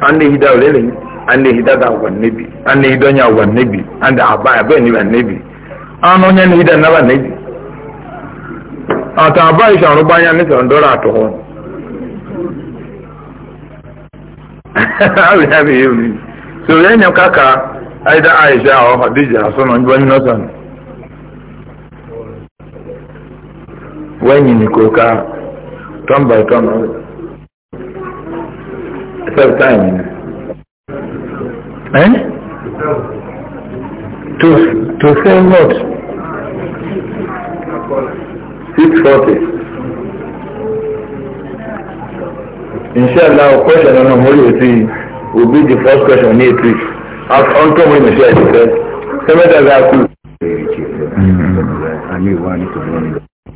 an da hida lele an da hida da wa nabi an da hidanya wa nabi an da abaya bai ni wa nabi an onye ni hida na wa nabi ata abaya shan rubanya ni san dora to hon abi abi yuni so yenya kaka aida aisha o hadija so non wani no san wani ni ko ka ton by ton twelve times eh? to to sell what six forty inshallah question ọ̀nà mọ́lẹ̀ sí will be the first question ní ètò ọ̀ntọ́ mi nìṣẹ́ ìṣẹ́ sẹ́mẹ́tà bá kú. àmì